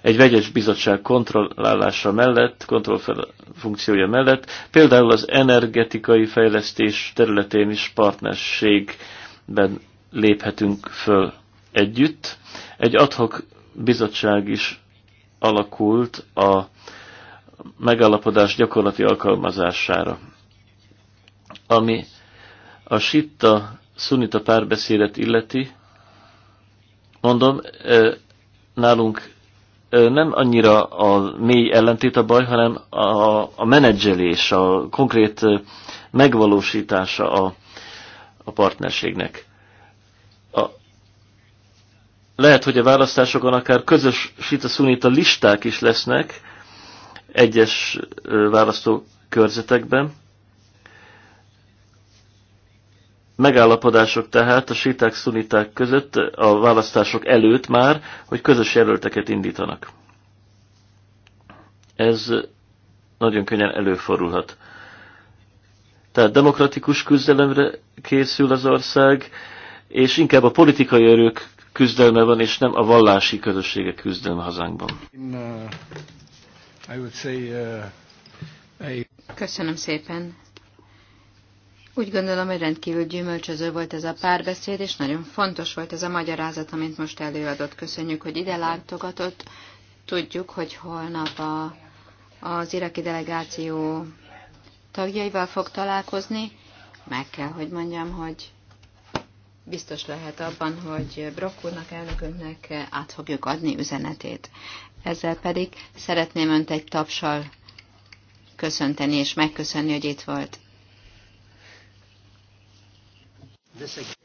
[SPEAKER 3] egy vegyes bizottság kontrollálása mellett, kontroll funkciója mellett, például az energetikai fejlesztés területén is partnerségben léphetünk föl együtt. Egy adhok bizottság is alakult a megállapodás gyakorlati alkalmazására, ami a sitta szunita párbeszédet illeti, mondom, eh, nálunk nem annyira a mély ellentét a baj, hanem a, a menedzselés, a konkrét megvalósítása a, a partnerségnek. A, lehet, hogy a választásokon akár közös sita-szunita listák is lesznek egyes választókörzetekben, megállapodások tehát a síták szuniták között a választások előtt már, hogy közös jelölteket indítanak. Ez nagyon könnyen előfordulhat. Tehát demokratikus küzdelemre készül az ország, és inkább a politikai erők küzdelme van, és nem a vallási közösségek küzdelme hazánkban.
[SPEAKER 4] Uh, uh, Köszönöm szépen. Úgy gondolom, hogy rendkívül gyümölcsöző volt ez a párbeszéd, és nagyon fontos volt ez a magyarázat, amit most előadott. Köszönjük, hogy ide látogatott. Tudjuk, hogy holnap a, az iraki delegáció tagjaival fog találkozni. Meg kell, hogy mondjam, hogy biztos lehet abban, hogy Brock úrnak, elnökünknek át fogjuk adni üzenetét. Ezzel pedig szeretném önt egy tapsal köszönteni és megköszönni, hogy itt volt. this again.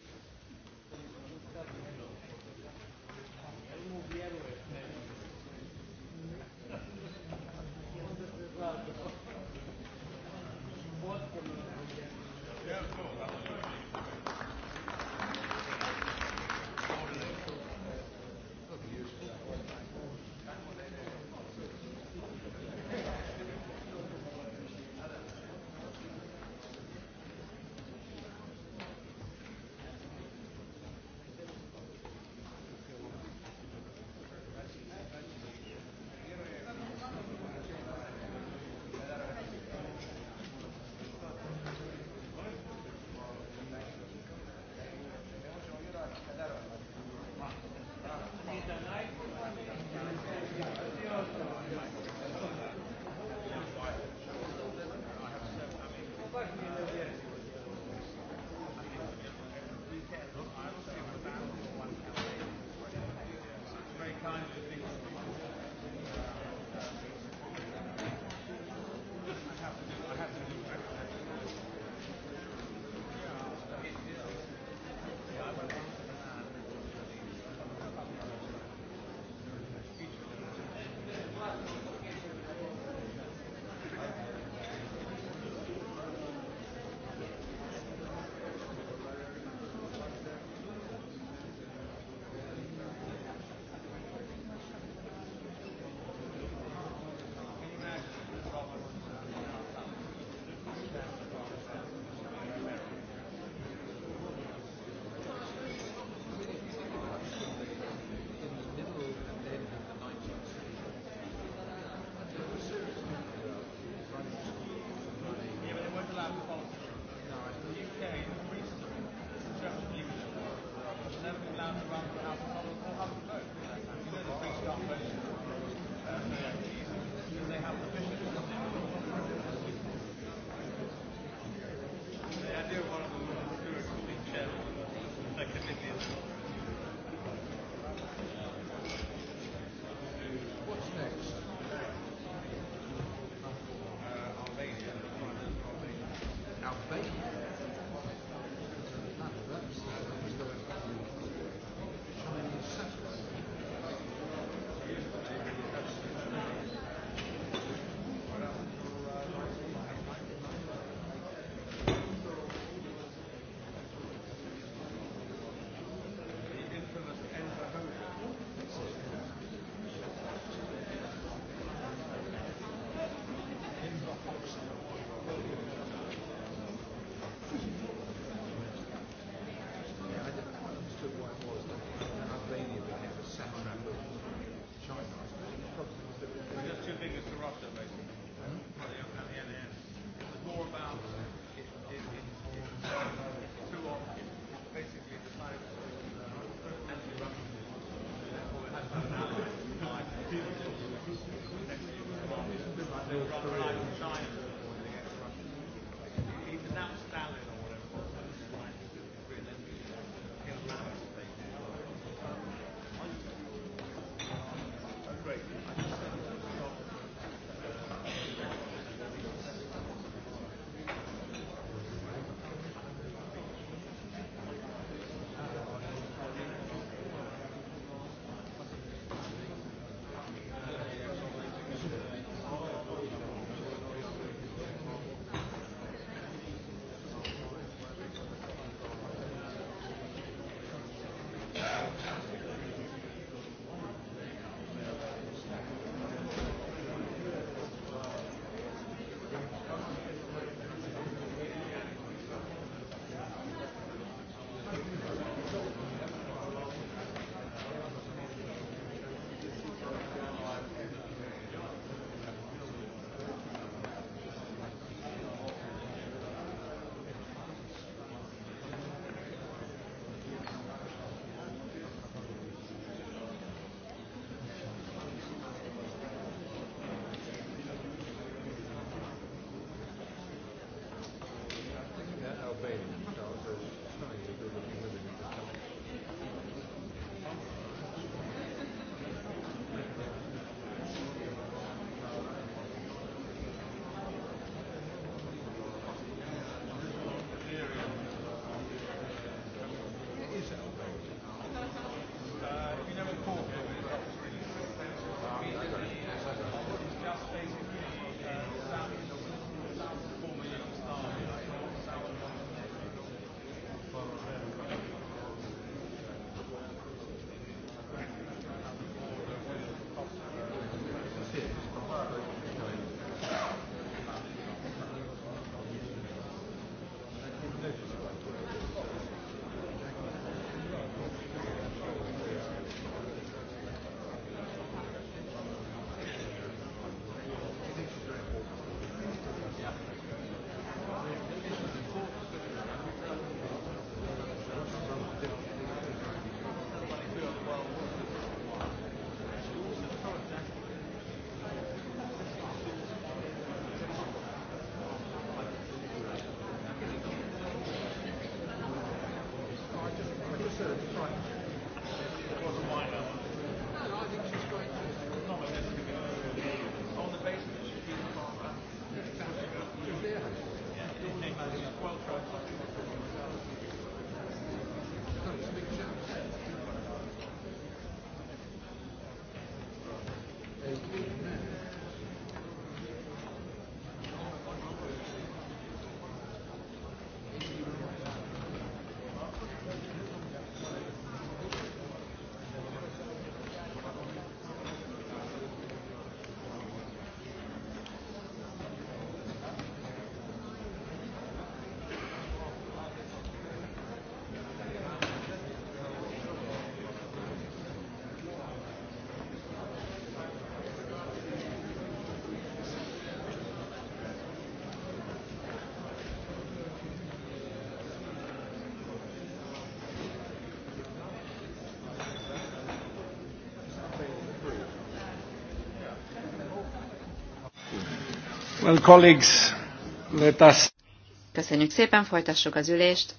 [SPEAKER 4] Köszönjük szépen, folytassuk az ülést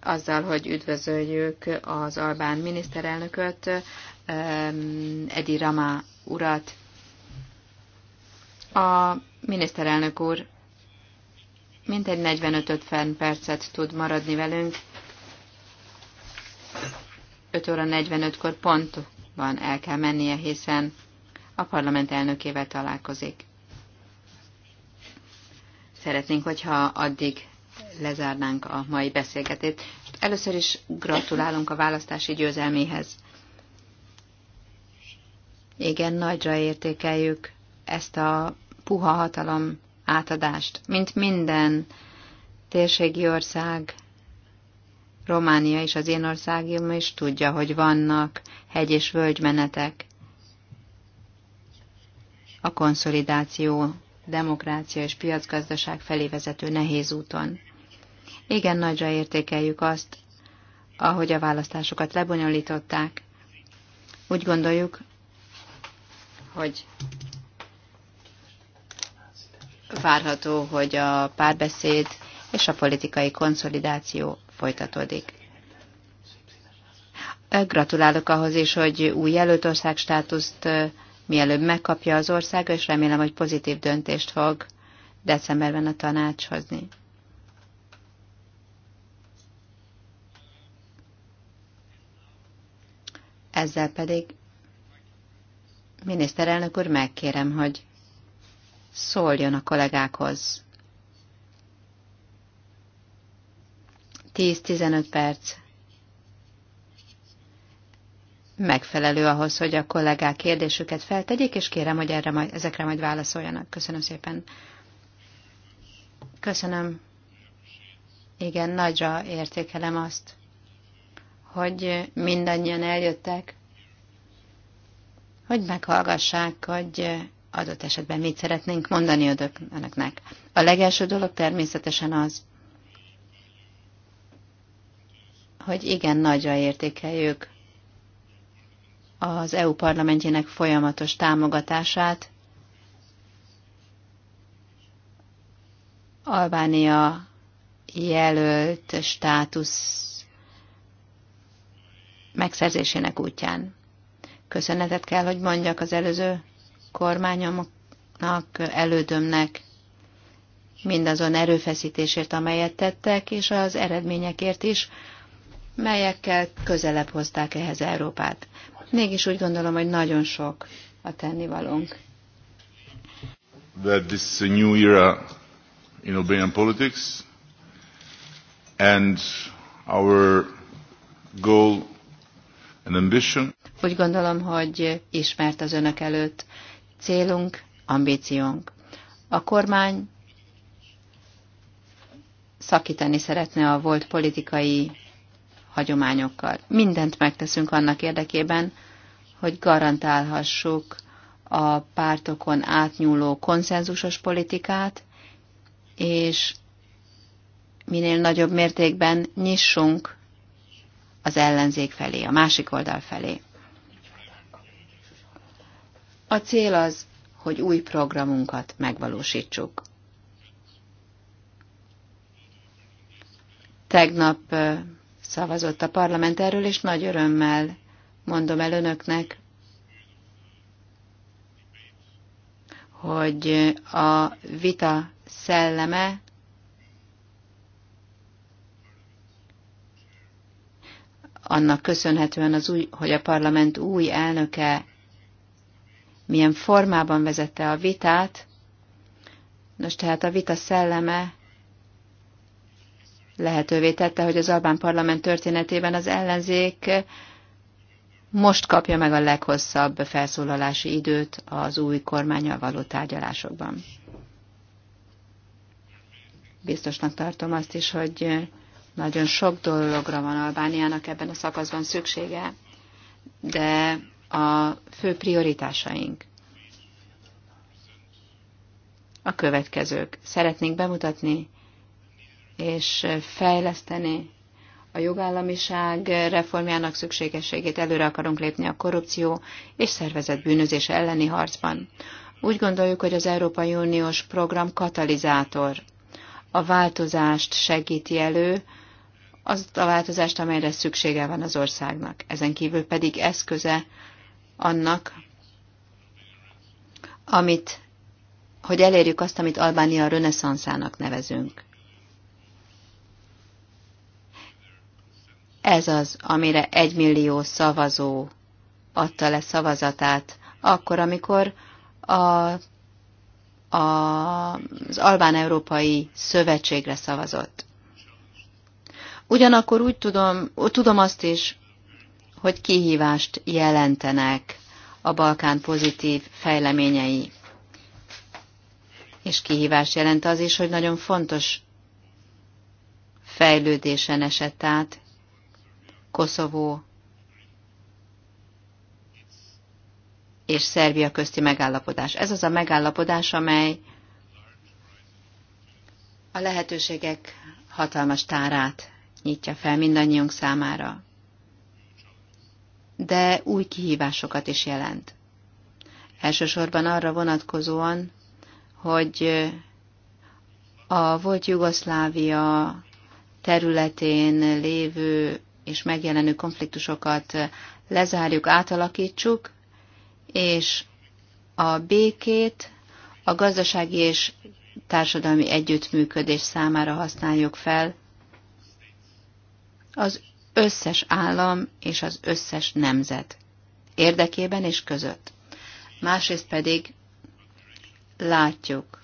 [SPEAKER 4] azzal, hogy üdvözöljük az albán miniszterelnököt, Edi Rama urat. A miniszterelnök úr mintegy 45-50 percet tud maradni velünk. 5 óra 45-kor van el kell mennie, hiszen a parlament elnökével találkozik. Szeretnénk, hogyha addig lezárnánk a mai beszélgetét. Először is gratulálunk a választási győzelméhez. Igen, nagyra értékeljük ezt a puha hatalom átadást, mint minden térségi ország, Románia és az én országom is tudja, hogy vannak hegy- és völgymenetek a konszolidáció demokrácia és piacgazdaság felé vezető nehéz úton. Igen, nagyra értékeljük azt, ahogy a választásokat lebonyolították. Úgy gondoljuk, hogy várható, hogy a párbeszéd és a politikai konszolidáció folytatódik. Gratulálok ahhoz is, hogy új jelöltország státuszt mielőbb megkapja az ország, és remélem, hogy pozitív döntést fog decemberben a tanács hozni. Ezzel pedig miniszterelnök úr megkérem, hogy szóljon a kollégákhoz. 10-15 perc megfelelő ahhoz, hogy a kollégák kérdésüket feltegyék, és kérem, hogy erre majd, ezekre majd válaszoljanak. Köszönöm szépen. Köszönöm. Igen, nagyra értékelem azt, hogy mindannyian eljöttek, hogy meghallgassák, hogy adott esetben mit szeretnénk mondani önöknek. A legelső dolog természetesen az, hogy igen, nagyra értékeljük az EU parlamentjének folyamatos támogatását Albánia jelölt státusz megszerzésének útján. Köszönetet kell, hogy mondjak az előző kormányomnak, elődömnek, mindazon erőfeszítésért, amelyet tettek, és az eredményekért is, melyekkel közelebb hozták ehhez Európát mégis úgy gondolom, hogy nagyon sok a tennivalónk.
[SPEAKER 1] That this is a new era in Albanian politics and our goal and ambition.
[SPEAKER 4] Úgy gondolom, hogy ismert az önök előtt célunk, ambíciónk. A kormány szakítani szeretne a volt politikai hagyományokkal. Mindent megteszünk annak érdekében, hogy garantálhassuk a pártokon átnyúló konszenzusos politikát, és minél nagyobb mértékben nyissunk az ellenzék felé, a másik oldal felé. A cél az, hogy új programunkat megvalósítsuk. Tegnap szavazott a parlament erről, és nagy örömmel mondom el önöknek, hogy a vita szelleme annak köszönhetően, az új, hogy a parlament új elnöke milyen formában vezette a vitát. Nos, tehát a vita szelleme lehetővé tette, hogy az Albán parlament történetében az ellenzék most kapja meg a leghosszabb felszólalási időt az új kormányal való tárgyalásokban. Biztosnak tartom azt is, hogy nagyon sok dologra van Albániának ebben a szakaszban szüksége, de a fő prioritásaink a következők. Szeretnénk bemutatni és fejleszteni a jogállamiság reformjának szükségességét, előre akarunk lépni a korrupció és szervezett bűnözés elleni harcban. Úgy gondoljuk, hogy az Európai Uniós program katalizátor. A változást segíti elő, az a változást, amelyre szüksége van az országnak. Ezen kívül pedig eszköze annak, amit, hogy elérjük azt, amit Albánia reneszanszának nevezünk. Ez az, amire egy millió szavazó adta le szavazatát, akkor, amikor a, a, az Albán Európai Szövetségre szavazott. Ugyanakkor úgy tudom, tudom azt is, hogy kihívást jelentenek a Balkán pozitív fejleményei. És kihívást jelent az is, hogy nagyon fontos fejlődésen esett át Koszovó és Szerbia közti megállapodás. Ez az a megállapodás, amely a lehetőségek hatalmas tárát nyitja fel mindannyiunk számára, de új kihívásokat is jelent. Elsősorban arra vonatkozóan, hogy a volt Jugoszlávia területén lévő és megjelenő konfliktusokat lezárjuk, átalakítsuk, és a békét a gazdasági és társadalmi együttműködés számára használjuk fel az összes állam és az összes nemzet érdekében és között. Másrészt pedig látjuk,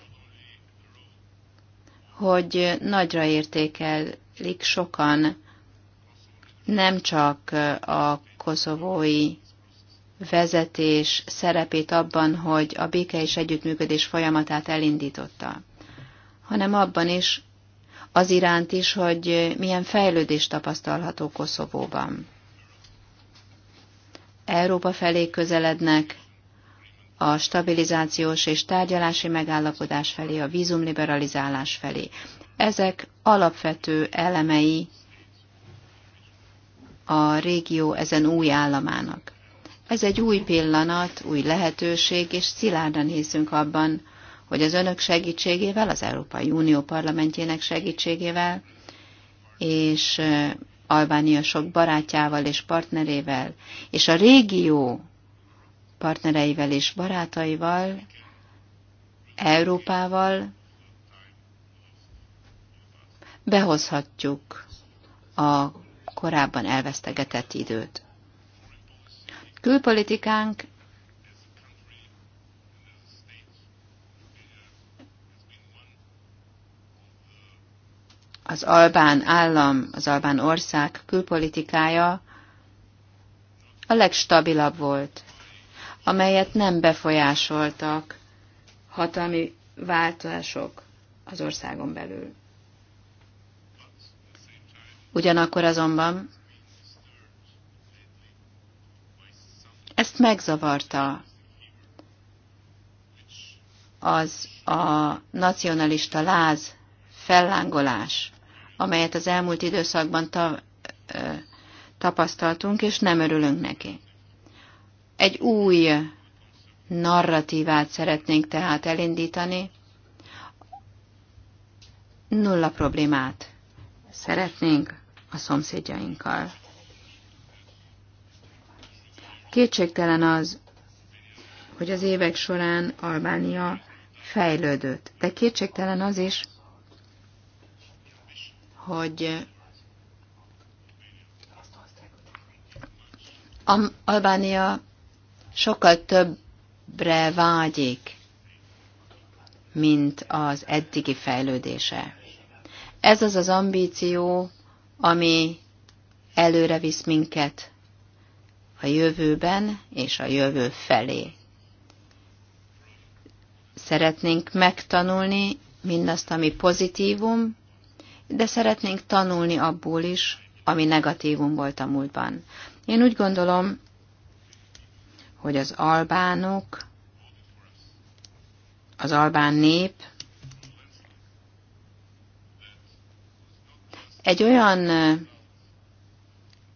[SPEAKER 4] hogy nagyra értékelik sokan nem csak a koszovói vezetés szerepét abban, hogy a béke és együttműködés folyamatát elindította, hanem abban is, az iránt is, hogy milyen fejlődés tapasztalható Koszovóban. Európa felé közelednek, a stabilizációs és tárgyalási megállapodás felé, a vízumliberalizálás felé. Ezek alapvető elemei a régió ezen új államának. Ez egy új pillanat, új lehetőség, és szilárdan hiszünk abban, hogy az önök segítségével, az Európai Unió parlamentjének segítségével, és Albánia sok barátjával és partnerével, és a régió partnereivel és barátaival, Európával behozhatjuk a korábban elvesztegetett időt. Külpolitikánk az albán állam, az albán ország külpolitikája a legstabilabb volt, amelyet nem befolyásoltak hatalmi változások az országon belül. Ugyanakkor azonban ezt megzavarta az a nacionalista láz, fellángolás, amelyet az elmúlt időszakban ta, ö, tapasztaltunk, és nem örülünk neki. Egy új narratívát szeretnénk tehát elindítani, nulla problémát szeretnénk a szomszédjainkkal. Kétségtelen az, hogy az évek során Albánia fejlődött, de kétségtelen az is, hogy Albánia sokkal többre vágyik, mint az eddigi fejlődése. Ez az az ambíció, ami előre visz minket a jövőben és a jövő felé. Szeretnénk megtanulni mindazt, ami pozitívum, de szeretnénk tanulni abból is, ami negatívum volt a múltban. Én úgy gondolom, hogy az albánok, az albán nép egy olyan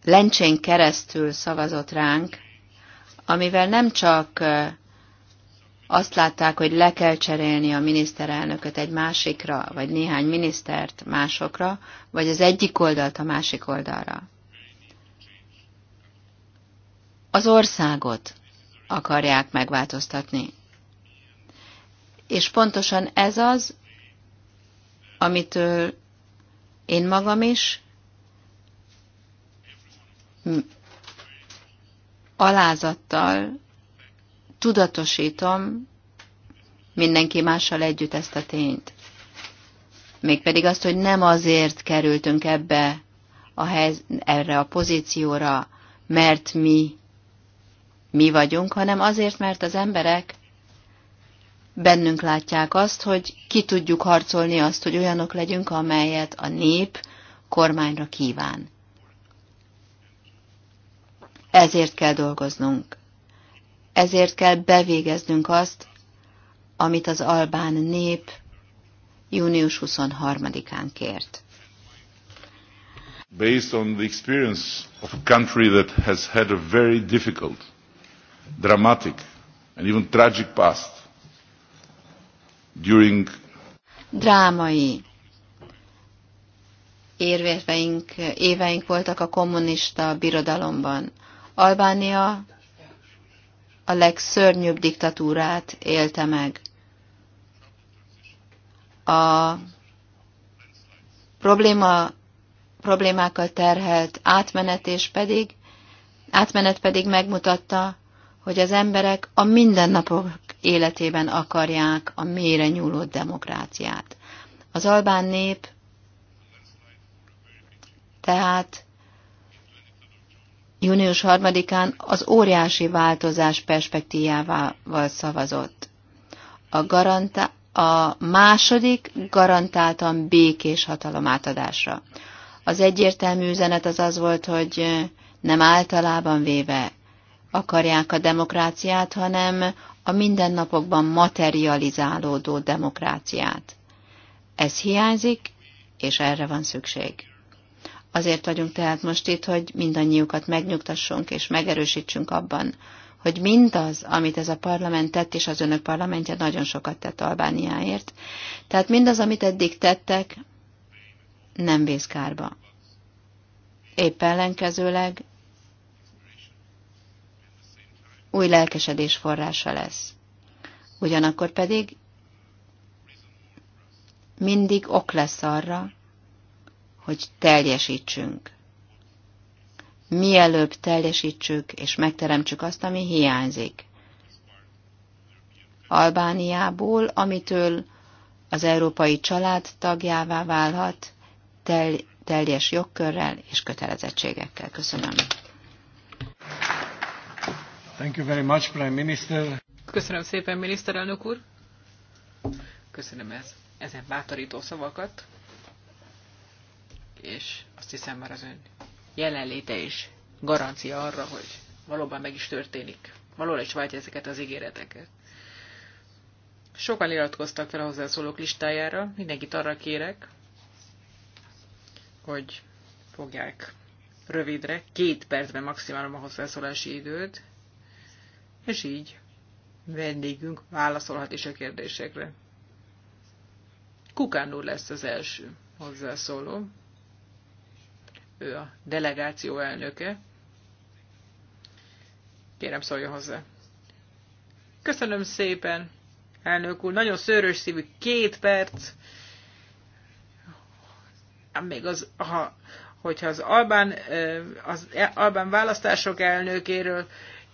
[SPEAKER 4] lencsén keresztül szavazott ránk, amivel nem csak azt látták, hogy le kell cserélni a miniszterelnököt egy másikra, vagy néhány minisztert másokra, vagy az egyik oldalt a másik oldalra. Az országot akarják megváltoztatni. És pontosan ez az, amitől én magam is alázattal tudatosítom mindenki mással együtt ezt a tényt. Mégpedig azt, hogy nem azért kerültünk ebbe a hely, erre a pozícióra, mert mi mi vagyunk, hanem azért, mert az emberek bennünk látják azt, hogy ki tudjuk harcolni azt, hogy olyanok legyünk, amelyet a nép kormányra kíván. Ezért kell dolgoznunk. Ezért kell bevégeznünk azt, amit az albán nép június 23-án kért.
[SPEAKER 1] Based on the experience of a country that has had a very difficult, dramatic and even tragic past, during
[SPEAKER 4] drámai érveink, éveink voltak a kommunista birodalomban. Albánia a legszörnyűbb diktatúrát élte meg. A probléma, problémákkal terhelt átmenetés pedig, átmenet pedig megmutatta, hogy az emberek a mindennapok életében akarják a mélyre nyúló demokráciát. Az albán nép tehát június 3-án az óriási változás perspektívával szavazott. A, garanta- a második garantáltan békés átadásra. Az egyértelmű üzenet az az volt, hogy nem általában véve akarják a demokráciát, hanem a mindennapokban materializálódó demokráciát. Ez hiányzik, és erre van szükség. Azért vagyunk tehát most itt, hogy mindannyiukat megnyugtassunk és megerősítsünk abban, hogy mindaz, amit ez a parlament tett, és az önök parlamentje nagyon sokat tett Albániáért, tehát mindaz, amit eddig tettek, nem vészkárba. Épp ellenkezőleg új lelkesedés forrása lesz. Ugyanakkor pedig mindig ok lesz arra, hogy teljesítsünk. Mielőbb teljesítsük és megteremtsük azt, ami hiányzik. Albániából, amitől az európai család tagjává válhat, tel- teljes jogkörrel és kötelezettségekkel. Köszönöm.
[SPEAKER 1] Thank you very much, Prime Minister. Köszönöm szépen,
[SPEAKER 2] miniszterelnök úr. Köszönöm ez, ezen bátorító szavakat. És azt hiszem már az ön jelenléte is garancia arra, hogy valóban meg is történik. Valóra is váltja ezeket az ígéreteket. Sokan iratkoztak fel a hozzászólók listájára, mindenkit arra kérek, hogy fogják rövidre, két percben maximálom a hozzászólási időt, és így vendégünk válaszolhat is a kérdésekre. Kukán úr lesz az első hozzászóló. Ő a delegáció elnöke. Kérem szóljon hozzá. Köszönöm szépen, elnök úr. Nagyon szőrös szívű két perc. Még az, ha, hogyha az Albán, az Albán választások elnökéről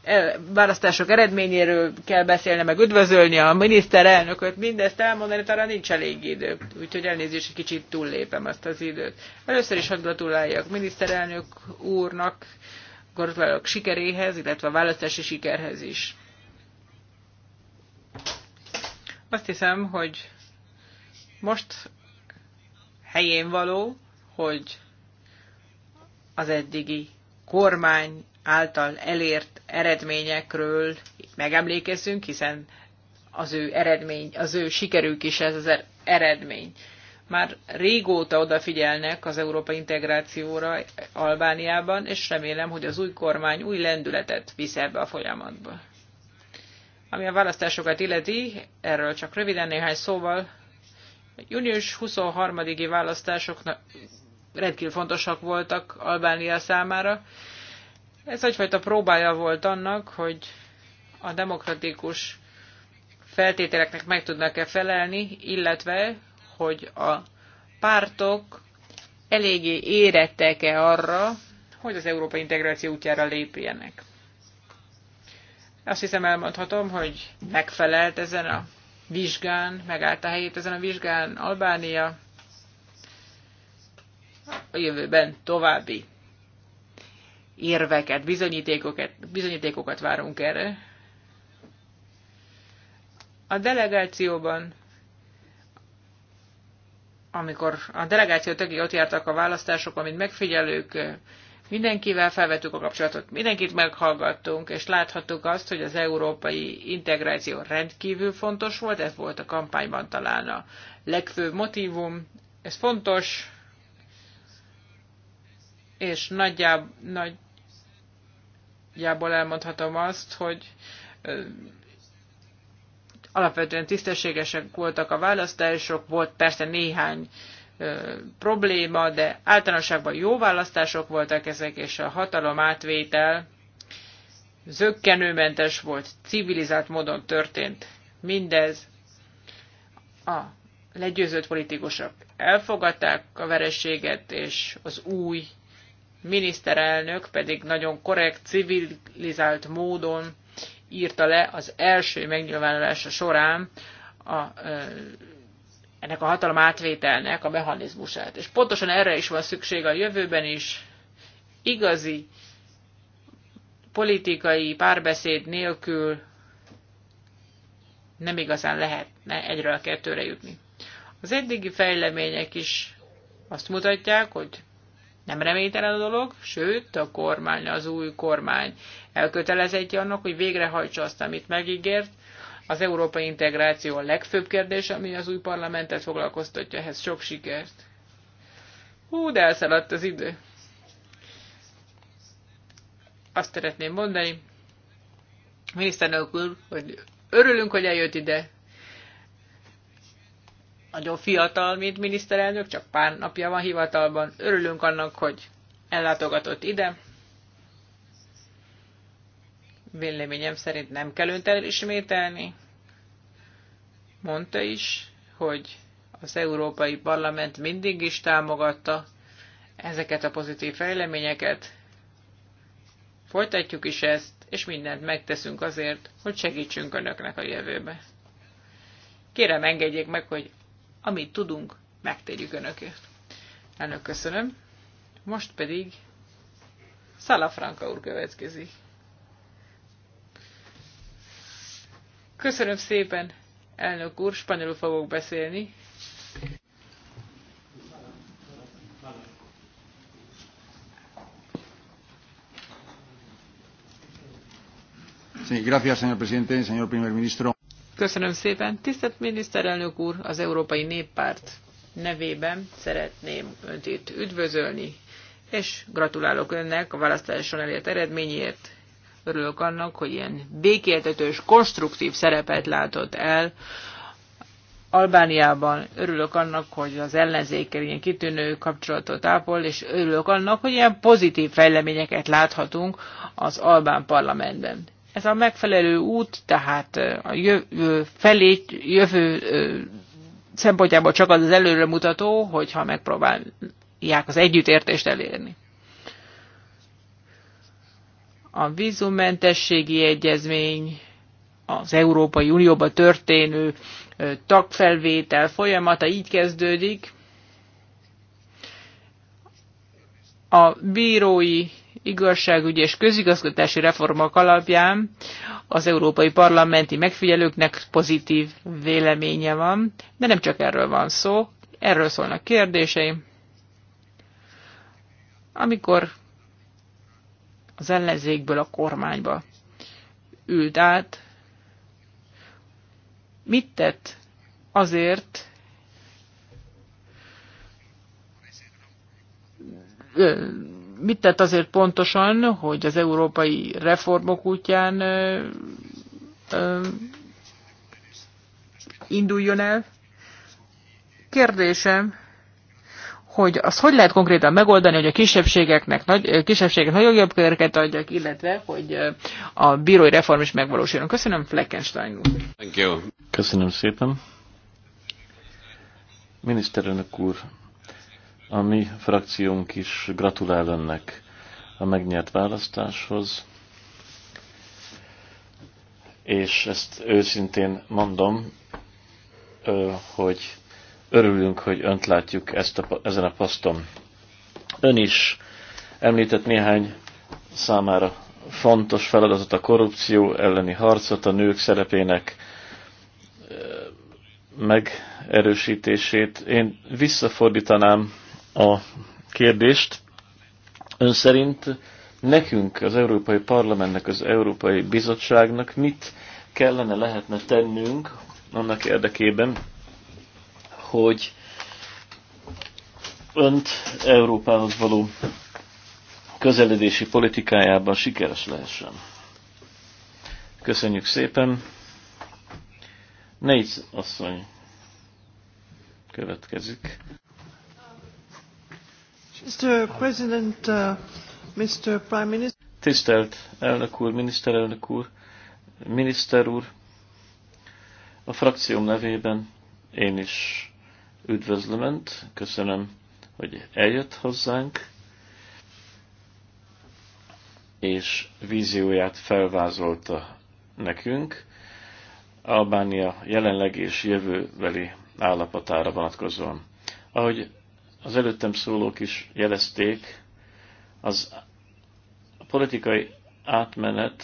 [SPEAKER 2] E, választások eredményéről kell beszélni, meg üdvözölni a miniszterelnököt, mindezt elmondani, talán nincs elég idő. Úgyhogy elnézést, egy kicsit túllépem azt az időt. Először is hadd gratuláljak miniszterelnök úrnak, gratulálok sikeréhez, illetve a választási sikerhez is. Azt hiszem, hogy most helyén való, hogy az eddigi kormány által elért eredményekről megemlékezünk, hiszen az ő eredmény, az ő sikerük is ez az er-, eredmény. Már régóta odafigyelnek az Európa integrációra Albániában, és remélem, hogy az új kormány új lendületet visz ebbe a folyamatba. Ami a választásokat illeti, erről csak röviden néhány szóval, június 23-i választások rendkívül fontosak voltak Albánia számára, ez egyfajta próbája volt annak, hogy a demokratikus feltételeknek meg tudnak-e felelni, illetve, hogy a pártok eléggé érettek-e arra, hogy az európai integráció útjára lépjenek. Azt hiszem elmondhatom, hogy megfelelt ezen a vizsgán, megállt a helyét ezen a vizsgán Albánia, a jövőben további érveket, bizonyítékokat, bizonyítékokat várunk erre. A delegációban, amikor a delegáció tagjai ott jártak a választásokon, mint megfigyelők, mindenkivel felvettük a kapcsolatot, mindenkit meghallgattunk, és láthattuk azt, hogy az európai integráció rendkívül fontos volt, ez volt a kampányban talán a legfőbb motivum, ez fontos, és nagyjából nagy, nagyjából elmondhatom azt, hogy alapvetően tisztességesek voltak a választások, volt persze néhány probléma, de általánosságban jó választások voltak ezek, és a hatalom átvétel zöggenőmentes volt, civilizált módon történt mindez. A legyőzött politikusok elfogadták a vereséget, és az új miniszterelnök pedig nagyon korrekt, civilizált módon írta le az első megnyilvánulása során a, ennek a hatalom átvételnek a mechanizmusát. És pontosan erre is van szükség a jövőben is. Igazi politikai párbeszéd nélkül nem igazán lehetne egyről a kettőre jutni. Az eddigi fejlemények is azt mutatják, hogy nem reménytelen a dolog, sőt, a kormány, az új kormány elkötelezettje annak, hogy végrehajtsa azt, amit megígért. Az európai integráció a legfőbb kérdés, ami az új parlamentet foglalkoztatja, ehhez sok sikert. Hú, de elszaladt az idő. Azt szeretném mondani, miniszterelnök úr, hogy örülünk, hogy eljött ide, nagyon fiatal, mint miniszterelnök, csak pár napja van hivatalban. Örülünk annak, hogy ellátogatott ide. Véleményem szerint nem kell önt elismételni. Mondta is, hogy az Európai Parlament mindig is támogatta ezeket a pozitív fejleményeket. Folytatjuk is ezt, és mindent megteszünk azért, hogy segítsünk Önöknek a jövőbe. Kérem, engedjék meg, hogy amit tudunk, megtérjük önökért. Elnök, köszönöm. Most pedig Franka úr következik. Köszönöm szépen, elnök úr, spanyolul fogok beszélni.
[SPEAKER 1] Sí, gracias, señor presidente, señor primer ministro.
[SPEAKER 2] Köszönöm szépen. Tisztelt miniszterelnök úr, az Európai Néppárt nevében szeretném önt itt üdvözölni, és gratulálok önnek a választáson elért eredményért. Örülök annak, hogy ilyen békéltetős, konstruktív szerepet látott el Albániában. Örülök annak, hogy az ellenzékkel ilyen kitűnő kapcsolatot ápol, és örülök annak, hogy ilyen pozitív fejleményeket láthatunk az Albán parlamentben. Ez a megfelelő út, tehát a jövő felé, jövő szempontjából csak az, az előre mutató, hogyha megpróbálják az együttértést elérni. A vízummentességi egyezmény, az Európai Unióba történő tagfelvétel folyamata így kezdődik. A bírói igazságügyi és közigazgatási reformok alapján az európai parlamenti megfigyelőknek pozitív véleménye van, de nem csak erről van szó, erről szólnak kérdéseim. Amikor az ellenzékből a kormányba ült át, mit tett azért, ö, mit tett azért pontosan, hogy az európai reformok útján ö, ö, induljon el? Kérdésem, hogy az hogy lehet konkrétan megoldani, hogy a kisebbségeknek nagy, kisebbségek nagyon jobb köröket adjak, illetve hogy a bírói reform is megvalósuljon. Köszönöm, Fleckenstein
[SPEAKER 3] úr. Thank you. Köszönöm szépen. Miniszterelnök úr, a mi frakciónk is gratulál önnek a megnyert választáshoz, és ezt őszintén mondom, hogy örülünk, hogy önt látjuk ezt a, ezen a poszton. Ön is említett néhány számára fontos feladatot, a korrupció elleni harcot, a nők szerepének megerősítését. Én visszafordítanám a kérdést. Ön szerint nekünk, az Európai Parlamentnek, az Európai Bizottságnak mit kellene, lehetne tennünk annak érdekében, hogy önt Európához való közeledési politikájában sikeres lehessen. Köszönjük szépen. Négy asszony következik.
[SPEAKER 1] Mr. President, uh, Mr. Prime Minister.
[SPEAKER 3] Tisztelt elnök úr, miniszterelnök úr, miniszter úr, a frakcióm nevében én is üdvözlöm Önt, köszönöm, hogy eljött hozzánk, és vízióját felvázolta nekünk Albánia jelenleg és jövőbeli állapotára vonatkozóan. Ahogy az előttem szólók is jelezték, az a politikai átmenet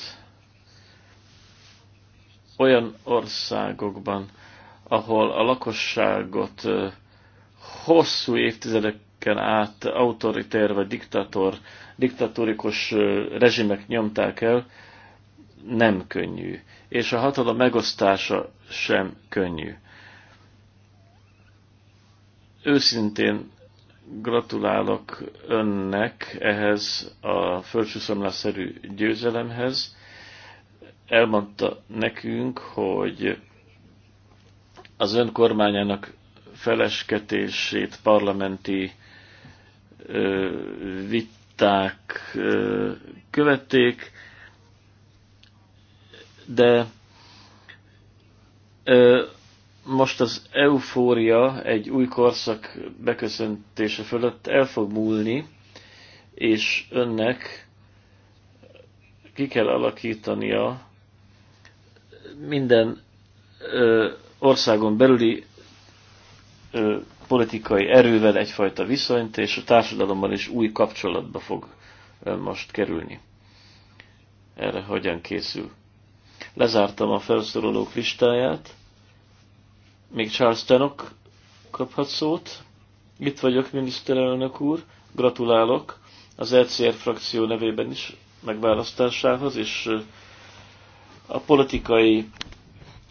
[SPEAKER 3] olyan országokban, ahol a lakosságot hosszú évtizedeken át autoritér vagy diktator, diktatórikus rezsimek nyomták el, nem könnyű. És a hatalom megosztása sem könnyű. Őszintén Gratulálok önnek ehhez a földsúszomlásszerű győzelemhez. Elmondta nekünk, hogy az ön kormányának felesketését parlamenti ö, viták ö, követték, de ö, most az eufória egy új korszak beköszöntése fölött el fog múlni, és önnek ki kell alakítania minden ö, országon belüli ö, politikai erővel egyfajta viszonyt, és a társadalomban is új kapcsolatba fog ö, most kerülni. Erre hogyan készül? Lezártam a felszorolók listáját. Még Charles Tenok kaphat szót. Itt vagyok, miniszterelnök úr. Gratulálok az ECR frakció nevében is megválasztásához, és a politikai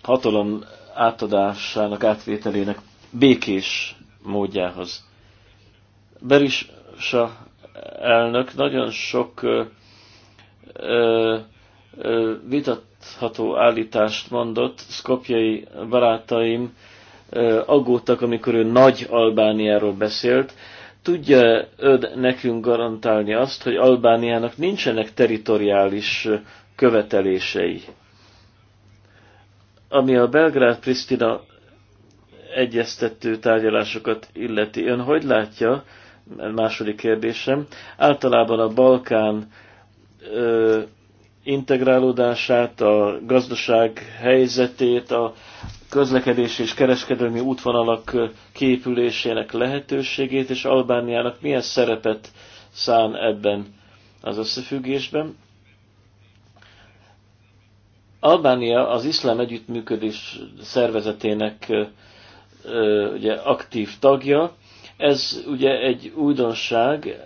[SPEAKER 3] hatalom átadásának, átvételének békés módjához. Berisa elnök nagyon sok ö, ö, ö, vitat megbízható állítást mondott. Szkopjai barátaim aggódtak, amikor ő nagy Albániáról beszélt. Tudja öd nekünk garantálni azt, hogy Albániának nincsenek teritoriális követelései? Ami a Belgrád-Pristina egyeztető tárgyalásokat illeti, ön hogy látja, második kérdésem, általában a Balkán ö, integrálódását, a gazdaság helyzetét, a közlekedési és kereskedelmi útvonalak képülésének lehetőségét, és Albániának milyen szerepet szán ebben az összefüggésben. Albánia az iszlám együttműködés szervezetének ugye, aktív tagja. Ez ugye egy újdonság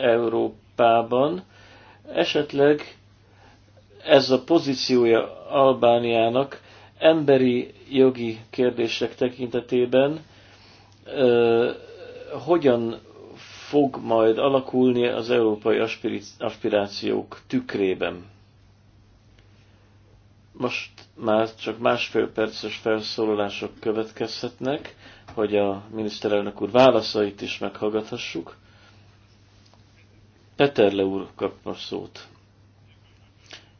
[SPEAKER 3] Európában. Esetleg ez a pozíciója Albániának emberi jogi kérdések tekintetében ö, hogyan fog majd alakulni az európai aspirációk tükrében. Most már csak másfél perces felszólalások következhetnek, hogy a miniszterelnök úr válaszait is meghallgathassuk. Peterle úr kap most szót.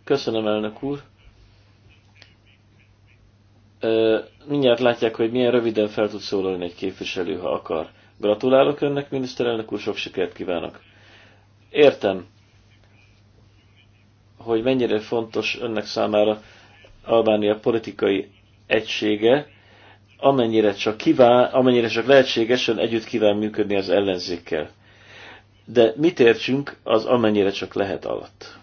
[SPEAKER 3] Köszönöm, elnök úr. Mindjárt látják, hogy milyen röviden fel tud szólalni egy képviselő, ha akar. Gratulálok önnek, miniszterelnök úr, sok sikert kívánok. Értem, hogy mennyire fontos önnek számára Albánia politikai egysége, amennyire csak, kíván, amennyire csak lehetségesen együtt kíván működni az ellenzékkel. De mit értsünk az amennyire csak lehet alatt?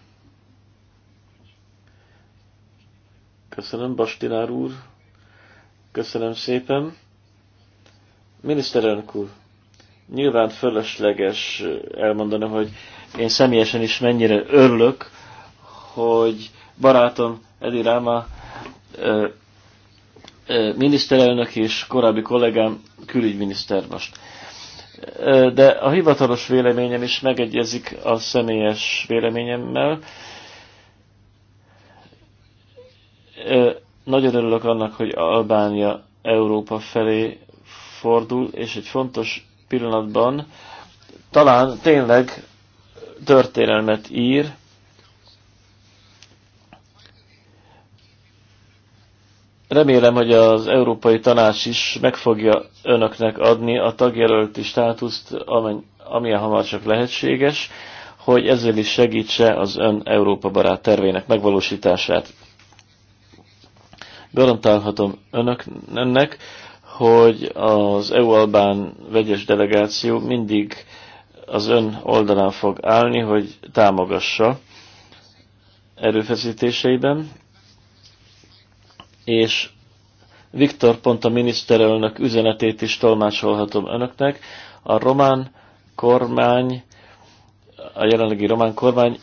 [SPEAKER 3] Köszönöm, Bastinár úr. Köszönöm szépen. Miniszterelnök úr, nyilván fölösleges elmondani, hogy én személyesen is mennyire örülök, hogy barátom Edi Ráma miniszterelnök és korábbi kollégám külügyminiszter most. De a hivatalos véleményem is megegyezik a személyes véleményemmel, nagyon örülök annak, hogy Albánia Európa felé fordul, és egy fontos pillanatban talán tényleg történelmet ír, Remélem, hogy az Európai Tanács is meg fogja önöknek adni a tagjelölti státuszt, amilyen hamar csak lehetséges, hogy ezzel is segítse az ön Európa barát tervének megvalósítását garantálhatom önöknek, hogy az EU-Albán vegyes delegáció mindig az ön oldalán fog állni, hogy támogassa erőfeszítéseiben, és Viktor pont a miniszterelnök üzenetét is tolmácsolhatom önöknek. A román kormány, a jelenlegi román kormány,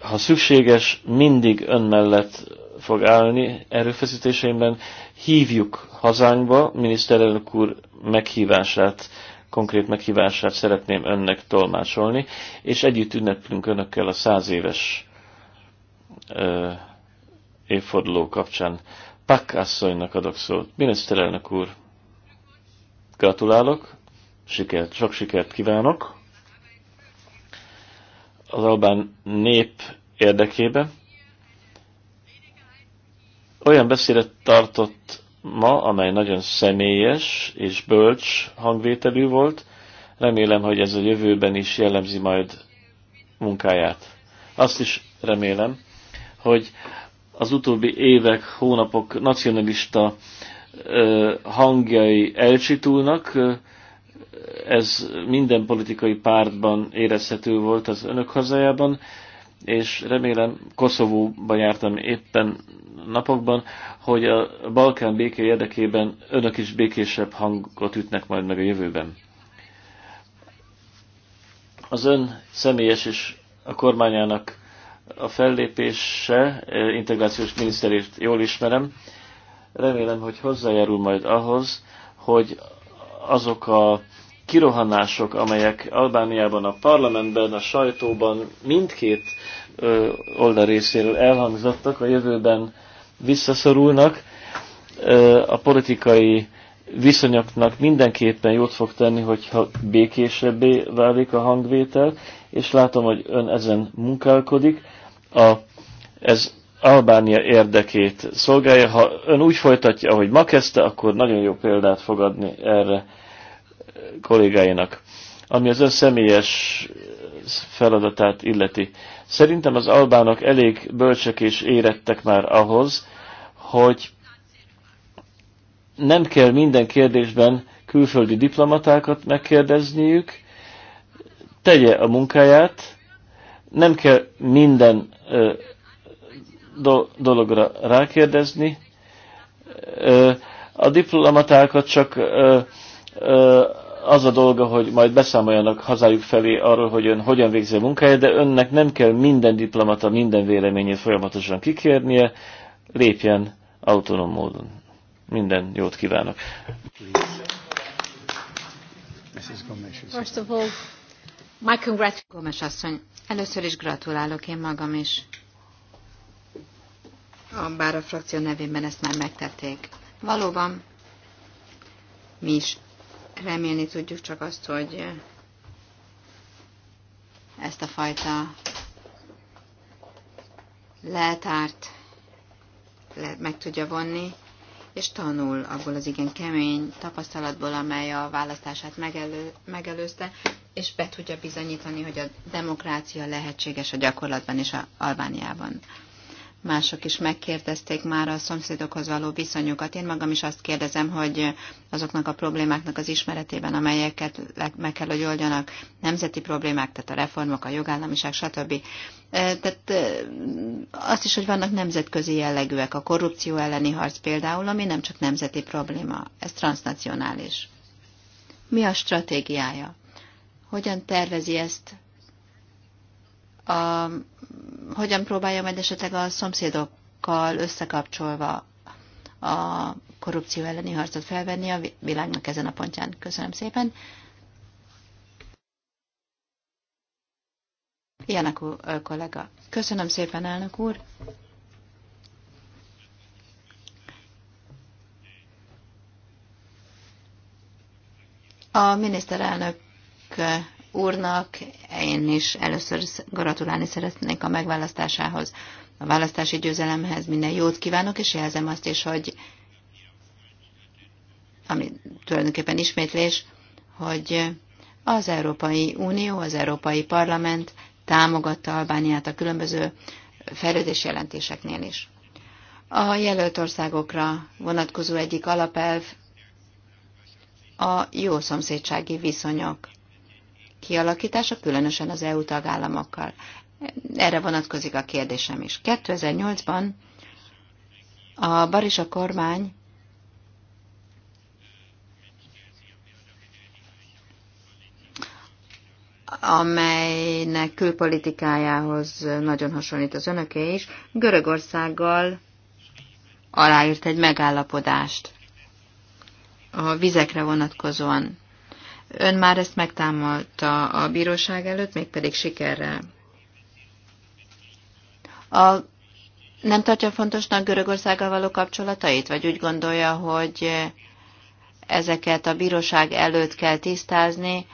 [SPEAKER 3] ha szükséges, mindig ön mellett fog állni erőfeszítéseimben. Hívjuk hazánkba, miniszterelnök úr meghívását, konkrét meghívását szeretném önnek tolmácsolni, és együtt ünneplünk önökkel a száz éves ö, évforduló kapcsán. Pak asszonynak adok szót. Miniszterelnök úr, gratulálok, sikert, sok sikert kívánok az albán nép érdekében olyan beszédet tartott ma, amely nagyon személyes és bölcs hangvételű volt. Remélem, hogy ez a jövőben is jellemzi majd munkáját. Azt is remélem, hogy az utóbbi évek, hónapok nacionalista hangjai elcsitulnak. Ez minden politikai pártban érezhető volt az önök hazájában és remélem, Koszovóban jártam éppen napokban, hogy a Balkán béke érdekében önök is békésebb hangot ütnek majd meg a jövőben. Az ön személyes és a kormányának a fellépése, eh, integrációs miniszterét jól ismerem, remélem, hogy hozzájárul majd ahhoz, hogy azok a kirohanások, amelyek Albániában a parlamentben, a sajtóban mindkét oldal részéről elhangzottak, a jövőben visszaszorulnak. A politikai viszonyoknak mindenképpen jót fog tenni, hogyha békésebbé válik a hangvétel, és látom, hogy ön ezen munkálkodik. A, ez Albánia érdekét szolgálja. Ha ön úgy folytatja, ahogy ma kezdte, akkor nagyon jó példát fogadni erre kollégáinak, ami az ön személyes feladatát illeti. Szerintem az albánok elég bölcsek és érettek már ahhoz, hogy nem kell minden kérdésben külföldi diplomatákat megkérdezniük, tegye a munkáját, nem kell minden ö, do, dologra rákérdezni, ö, a diplomatákat csak ö, ö, az a dolga, hogy majd beszámoljanak hazájuk felé arról, hogy ön hogyan végzi a munkáját, de önnek nem kell minden diplomata, minden véleményét folyamatosan kikérnie, lépjen autonóm módon. Minden jót kívánok!
[SPEAKER 4] First of all, my congratulations. asszony, először is gratulálok én magam is. Bár a frakció nevében ezt már megtették. Valóban, mi is remélni tudjuk csak azt, hogy ezt a fajta leltárt meg tudja vonni, és tanul abból az igen kemény tapasztalatból, amely a választását megelő, megelőzte, és be tudja bizonyítani, hogy a demokrácia lehetséges a gyakorlatban és a Albániában. Mások is megkérdezték már a szomszédokhoz való viszonyukat. Én magam is azt kérdezem, hogy azoknak a problémáknak az ismeretében, amelyeket meg kell, hogy oldjanak, nemzeti problémák, tehát a reformok, a jogállamiság, stb. Tehát azt is, hogy vannak nemzetközi jellegűek, a korrupció elleni harc például, ami nem csak nemzeti probléma, ez transnacionális. Mi a stratégiája? Hogyan tervezi ezt a hogyan próbálja majd esetleg a szomszédokkal összekapcsolva a korrupció elleni harcot felvenni a világnak ezen a pontján. Köszönöm szépen. Ilyenek kollega. Köszönöm szépen, elnök úr. A miniszterelnök úrnak. Én is először gratulálni szeretnék a megválasztásához, a választási győzelemhez. Minden jót kívánok, és jelzem azt is, hogy ami tulajdonképpen ismétlés, hogy az Európai Unió, az Európai Parlament támogatta Albániát a különböző fejlődés jelentéseknél is. A jelölt országokra vonatkozó egyik alapelv a jó szomszédsági viszonyok kialakítása, különösen az EU tagállamokkal. Erre vonatkozik a kérdésem is. 2008-ban a Barisa kormány amelynek külpolitikájához nagyon hasonlít az önöké is, Görögországgal aláírt egy megállapodást a vizekre vonatkozóan. Ön már ezt megtámadta a bíróság előtt, mégpedig sikerrel. A, nem tartja fontosnak Görögországgal való kapcsolatait, vagy úgy gondolja, hogy ezeket a bíróság előtt kell tisztázni,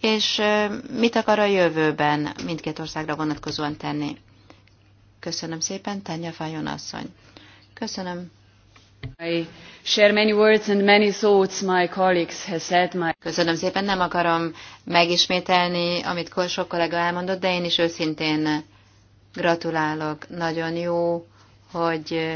[SPEAKER 4] és mit akar a jövőben mindkét országra vonatkozóan tenni? Köszönöm szépen, Tanya Fajon asszony. Köszönöm. Köszönöm szépen, nem akarom megismételni, amit sok kollega elmondott, de én is őszintén gratulálok. Nagyon jó, hogy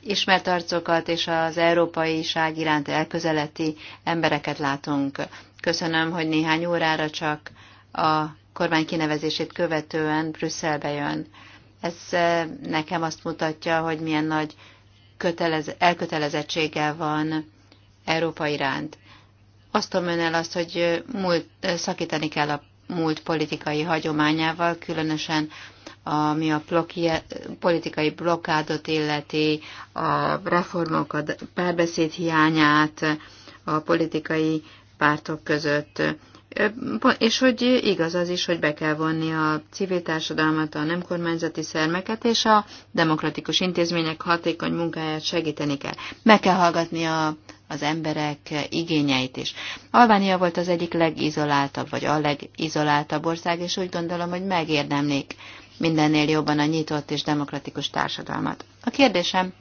[SPEAKER 4] ismert arcokat és az európai ság iránt elközeleti embereket látunk. Köszönöm, hogy néhány órára csak a kormány kinevezését követően Brüsszelbe jön. Ez nekem azt mutatja, hogy milyen nagy kötelez, elkötelezettsége van Európa iránt. Azt tudom ön el azt, hogy múlt, szakítani kell a múlt politikai hagyományával, különösen ami a blokki, politikai blokkádot illeti, a reformokat, párbeszéd hiányát a politikai pártok között és hogy igaz az is, hogy be kell vonni a civil társadalmat, a nem kormányzati szermeket és a demokratikus intézmények hatékony munkáját segíteni kell. Meg kell hallgatni a, az emberek igényeit is. Albánia volt az egyik legizoláltabb, vagy a legizoláltabb ország, és úgy gondolom, hogy megérdemlik mindennél jobban a nyitott és demokratikus társadalmat. A kérdésem,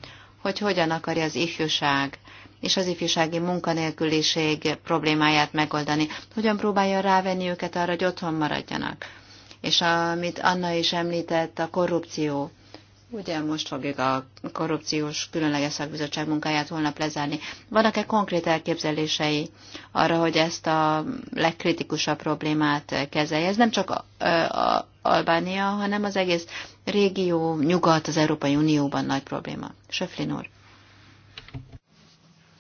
[SPEAKER 4] hogy hogyan akarja az ifjúság és az ifjúsági munkanélküliség problémáját megoldani. Hogyan próbálja rávenni őket arra, hogy otthon maradjanak? És amit Anna is említett, a korrupció. Ugye most fogjuk a korrupciós különleges szakbizottság munkáját holnap lezárni. Vannak-e konkrét elképzelései arra, hogy ezt a legkritikusabb problémát kezelje? Ez nem csak a, a, a Albánia, hanem az egész régió, nyugat, az Európai Unióban nagy probléma. Söflin úr.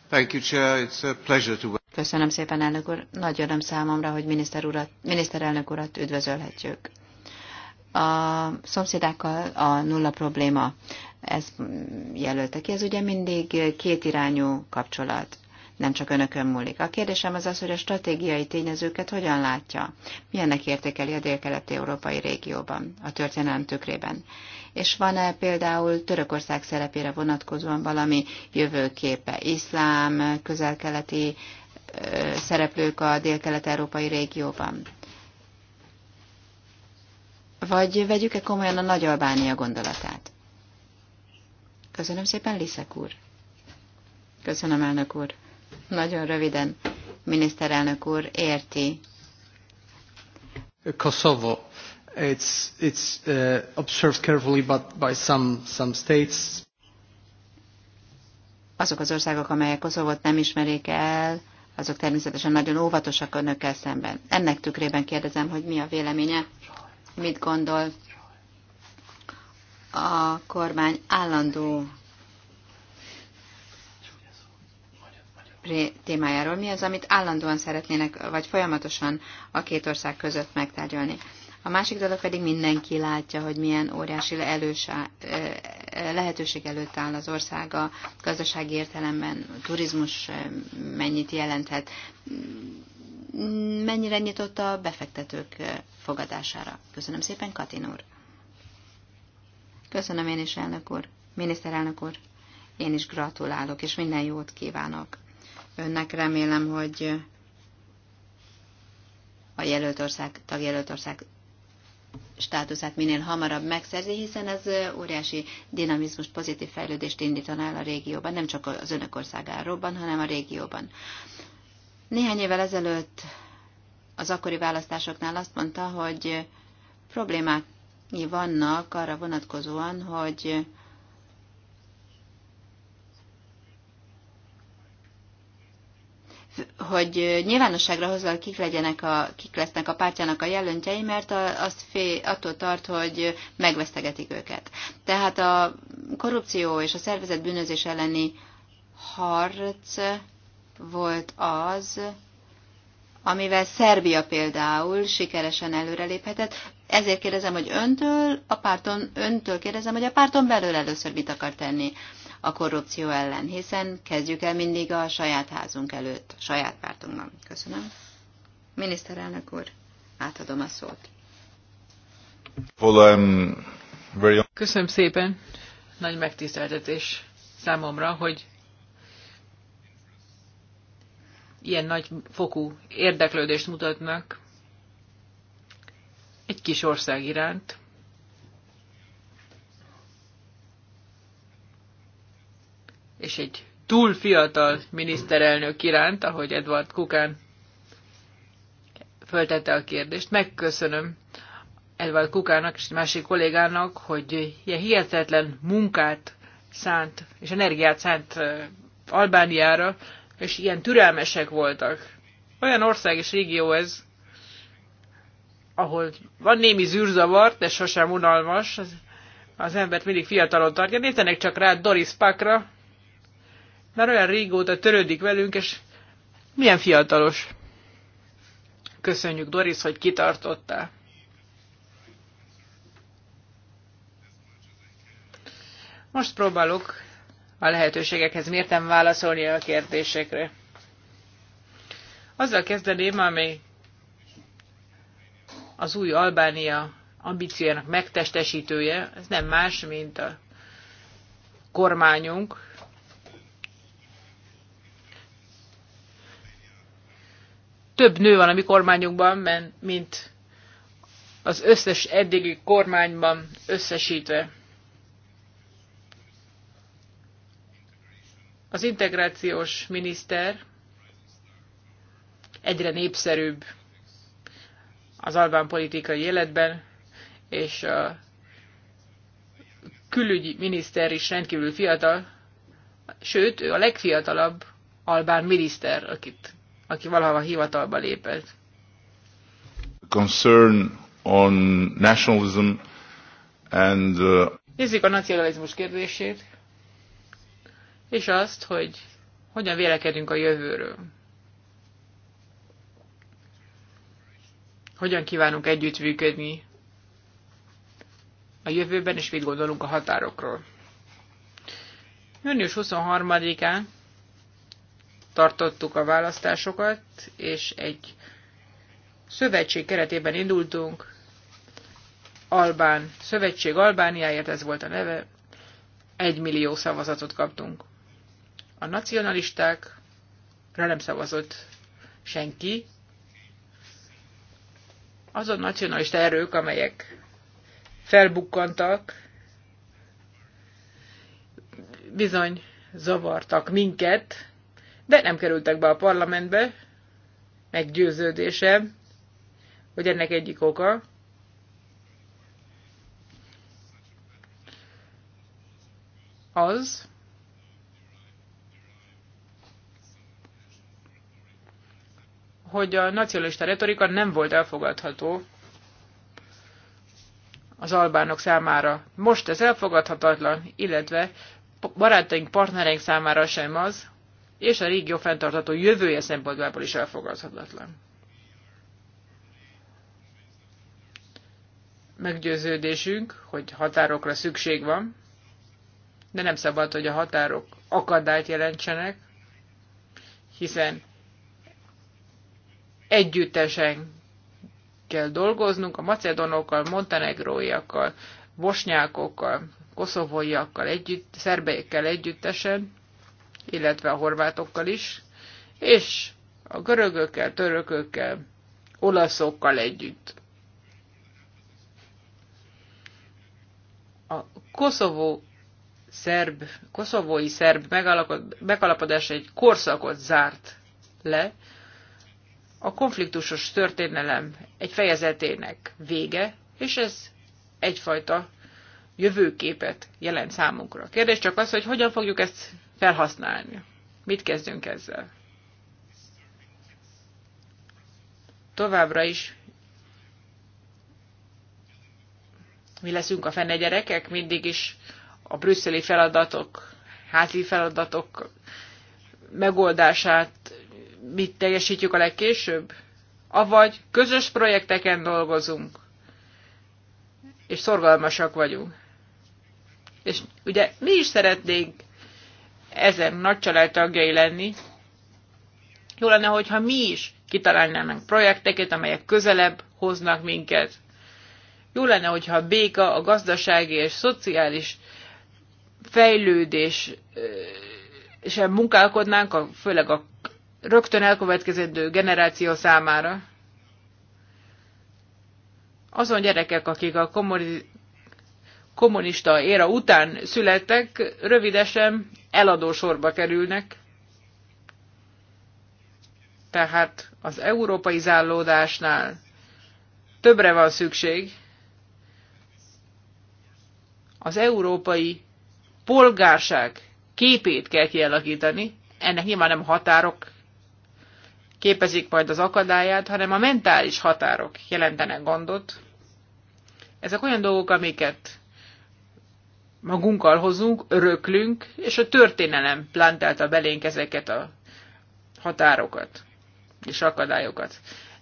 [SPEAKER 1] Thank you, Chair. It's a pleasure to...
[SPEAKER 4] Köszönöm szépen, elnök úr. Nagy öröm számomra, hogy miniszter urat, miniszterelnök urat üdvözölhetjük. A szomszédákkal a nulla probléma, ez jelölte ki, ez ugye mindig kétirányú kapcsolat nem csak önökön múlik. A kérdésem az az, hogy a stratégiai tényezőket hogyan látja, milyennek értékeli a délkeleti európai régióban, a történelem tükrében. És van-e például Törökország szerepére vonatkozóan valami jövőképe, iszlám, közelkeleti szereplők a délkelet-európai régióban? Vagy vegyük-e komolyan a Nagy Albánia gondolatát? Köszönöm szépen, Liszek úr. Köszönöm, elnök úr. Nagyon röviden, miniszterelnök úr érti.
[SPEAKER 1] Kosovo. It's, it's uh, observed carefully but by some, some states.
[SPEAKER 4] Azok az országok, amelyek Koszovót nem ismerik el, azok természetesen nagyon óvatosak önökkel szemben. Ennek tükrében kérdezem, hogy mi a véleménye, mit gondol a kormány állandó témájáról. Mi az, amit állandóan szeretnének, vagy folyamatosan a két ország között megtárgyalni? A másik dolog pedig mindenki látja, hogy milyen óriási elős, lehetőség előtt áll az ország a gazdasági értelemben, a turizmus mennyit jelenthet, mennyire nyitott a befektetők fogadására. Köszönöm szépen, Katin úr. Köszönöm én is, elnök úr. Miniszterelnök úr, én is gratulálok, és minden jót kívánok önnek. Remélem, hogy a jelöltország, tagjelöltország státuszát minél hamarabb megszerzi, hiszen ez óriási dinamizmus, pozitív fejlődést indítaná el a régióban, nem csak az önök országáróban, hanem a régióban. Néhány évvel ezelőtt az akkori választásoknál azt mondta, hogy problémák vannak arra vonatkozóan, hogy hogy nyilvánosságra hozva kik, legyenek a, kik lesznek a pártjának a jelöntjei, mert a, azt fél, attól tart, hogy megvesztegetik őket. Tehát a korrupció és a szervezet bűnözés elleni harc volt az, amivel Szerbia például sikeresen előreléphetett. Ezért kérdezem, hogy öntől, a párton, öntől kérdezem, hogy a párton belül először mit akar tenni a korrupció ellen, hiszen kezdjük el mindig a saját házunk előtt, a saját pártunkban. Köszönöm. Miniszterelnök úr, átadom a szót. Köszönöm
[SPEAKER 2] szépen. Nagy megtiszteltetés számomra, hogy ilyen nagy fokú érdeklődést mutatnak egy kis ország iránt, és egy túl fiatal miniszterelnök iránt, ahogy Edward Kukán föltette a kérdést. Megköszönöm Edward Kukának és másik kollégának, hogy ilyen hihetetlen munkát szánt és energiát szánt Albániára, és ilyen türelmesek voltak. Olyan ország és régió ez, ahol van némi zűrzavar, de sosem unalmas, az, az embert mindig fiatalon tartja. Nézzenek csak rá Doris Pakra, már olyan régóta törődik velünk, és milyen fiatalos. Köszönjük, Doris, hogy kitartottál. Most próbálok a lehetőségekhez mértem válaszolni a kérdésekre. Azzal kezdeném, ami az új Albánia ambíciójának megtestesítője, ez nem más, mint a kormányunk, több nő van a mi kormányunkban, mint az összes eddigi kormányban összesítve. Az integrációs miniszter egyre népszerűbb az albán politikai életben, és a külügyi miniszter is rendkívül fiatal, sőt, ő a legfiatalabb albán miniszter, akit aki valahova hivatalba lépett.
[SPEAKER 1] Concern on nationalism and, uh...
[SPEAKER 2] Nézzük a nacionalizmus kérdését, és azt, hogy hogyan vélekedünk a jövőről. Hogyan kívánunk együttműködni a jövőben, és mit gondolunk a határokról. Június 23-án tartottuk a választásokat, és egy szövetség keretében indultunk, Albán, Szövetség Albániáért, ez volt a neve, egy millió szavazatot kaptunk. A nacionalisták rá nem szavazott senki. Azon nacionalista erők, amelyek felbukkantak, bizony zavartak minket, de nem kerültek be a parlamentbe, meggyőződése, hogy ennek egyik oka, az, hogy a nacionalista retorika nem volt elfogadható az albánok számára. Most ez elfogadhatatlan, illetve barátaink, partnereink számára sem az, és a régió fenntartható jövője szempontjából is elfogadhatatlan. Meggyőződésünk, hogy határokra szükség van, de nem szabad, hogy a határok akadályt jelentsenek, hiszen együttesen kell dolgoznunk, a macedonokkal, montenegróiakkal, bosnyákokkal, koszovóiakkal együtt, szerbeikkel együttesen, illetve a horvátokkal is, és a görögökkel, törökökkel, olaszokkal együtt. A Koszovó szerb, koszovói szerb megalapodás egy korszakot zárt le, a konfliktusos történelem egy fejezetének vége, és ez egyfajta jövőképet jelent számunkra. A kérdés csak az, hogy hogyan fogjuk ezt felhasználni. Mit kezdjünk ezzel? Továbbra is mi leszünk a fene gyerekek, mindig is a brüsszeli feladatok, házi feladatok megoldását mit teljesítjük a legkésőbb? Avagy közös projekteken dolgozunk, és szorgalmasak vagyunk. És ugye mi is szeretnénk ezen nagy család tagjai lenni. Jó lenne, hogyha mi is kitalálnánk projekteket, amelyek közelebb hoznak minket. Jó lenne, hogyha a béka, a gazdasági és szociális fejlődés sem munkálkodnánk, a, főleg a rögtön elkövetkezendő generáció számára. Azon gyerekek, akik a kommunista éra után születtek, rövidesen eladó sorba kerülnek. Tehát az európai zállódásnál többre van szükség. Az európai polgárság képét kell kialakítani. Ennek nyilván nem határok képezik majd az akadályát, hanem a mentális határok jelentenek gondot. Ezek olyan dolgok, amiket magunkkal hozunk, öröklünk, és a történelem plantálta belénk ezeket a határokat és akadályokat.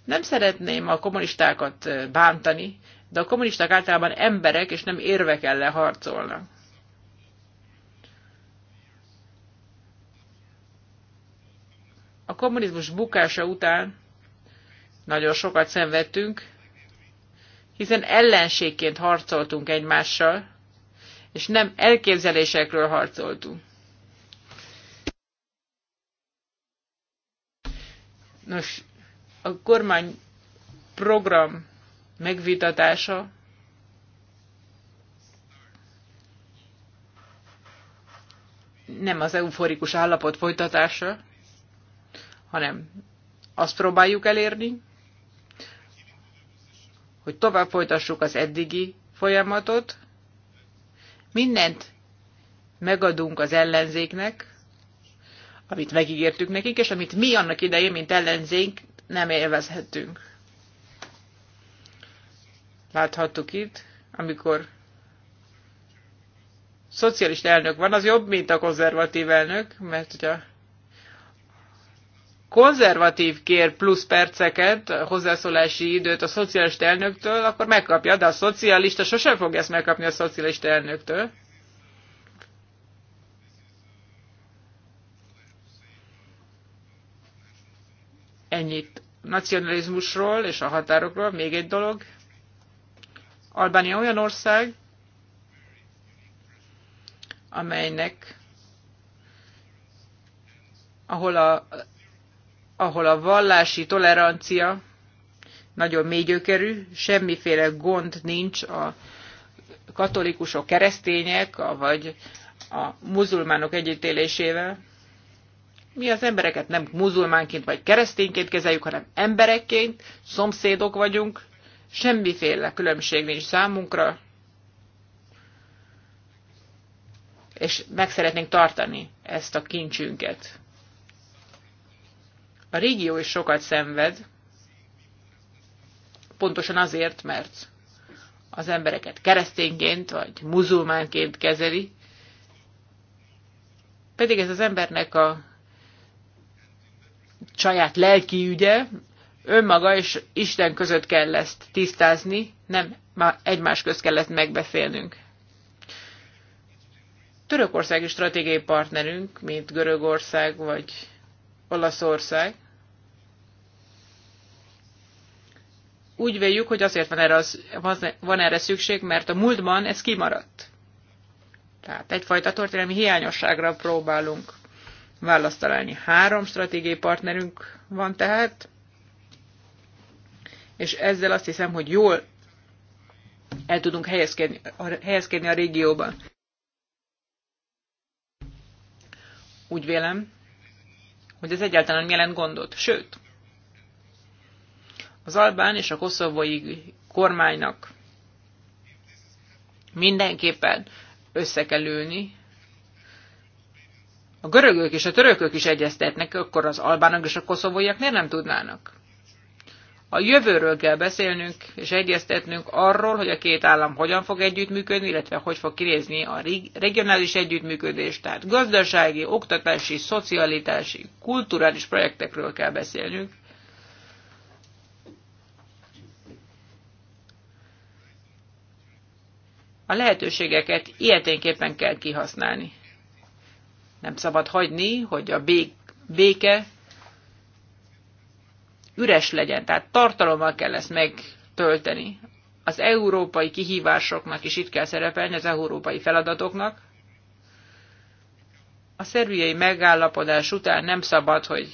[SPEAKER 2] Nem szeretném a kommunistákat bántani, de a kommunisták általában emberek és nem érvek ellen harcolnak. A kommunizmus bukása után nagyon sokat szenvedtünk, hiszen ellenségként harcoltunk egymással, és nem elképzelésekről harcoltunk. Nos, a kormány program megvitatása nem az euforikus állapot folytatása, hanem azt próbáljuk elérni, hogy tovább folytassuk az eddigi folyamatot, Mindent megadunk az ellenzéknek, amit megígértük nekik, és amit mi annak idején, mint ellenzék nem élvezhetünk. Láthattuk itt, amikor szocialista elnök van, az jobb, mint a konzervatív elnök, mert hogyha konzervatív kér plusz perceket, hozzászólási időt a szociális elnöktől, akkor megkapja, de a szocialista sosem fog ezt megkapni a szocialista elnöktől. Ennyit nacionalizmusról és a határokról. Még egy dolog. Albánia olyan ország, amelynek ahol a ahol a vallási tolerancia nagyon mély semmiféle gond nincs a katolikusok, keresztények, vagy a muzulmánok együttélésével. Mi az embereket nem muzulmánként vagy keresztényként kezeljük, hanem emberekként, szomszédok vagyunk, semmiféle különbség nincs számunkra, és meg szeretnénk tartani ezt a kincsünket. A régió is sokat szenved, pontosan azért, mert az embereket keresztényként vagy muzulmánként kezeli, pedig ez az embernek a saját lelki ügye, önmaga és Isten között kell ezt tisztázni, nem egymás közt kell ezt megbeszélnünk. Törökország is stratégiai partnerünk, mint Görögország vagy Olaszország. úgy véljük, hogy azért van erre, az, van erre szükség, mert a múltban ez kimaradt. Tehát egyfajta történelmi hiányosságra próbálunk választ találni. Három stratégiai partnerünk van tehát, és ezzel azt hiszem, hogy jól el tudunk helyezkedni, helyezkedni a régióban. Úgy vélem, hogy ez egyáltalán jelent gondot. Sőt, az albán és a koszovói kormánynak mindenképpen össze kell ülni. A görögök és a törökök is egyeztetnek, akkor az albánok és a koszovóiak miért nem tudnának? A jövőről kell beszélnünk és egyeztetnünk arról, hogy a két állam hogyan fog együttműködni, illetve hogy fog kinézni a regionális együttműködés, tehát gazdasági, oktatási, szocialitási, kulturális projektekről kell beszélnünk. A lehetőségeket ilyeténképpen kell kihasználni. Nem szabad hagyni, hogy a béke üres legyen, tehát tartalommal kell ezt megtölteni. Az európai kihívásoknak is itt kell szerepelni, az európai feladatoknak. A szerviai megállapodás után nem szabad, hogy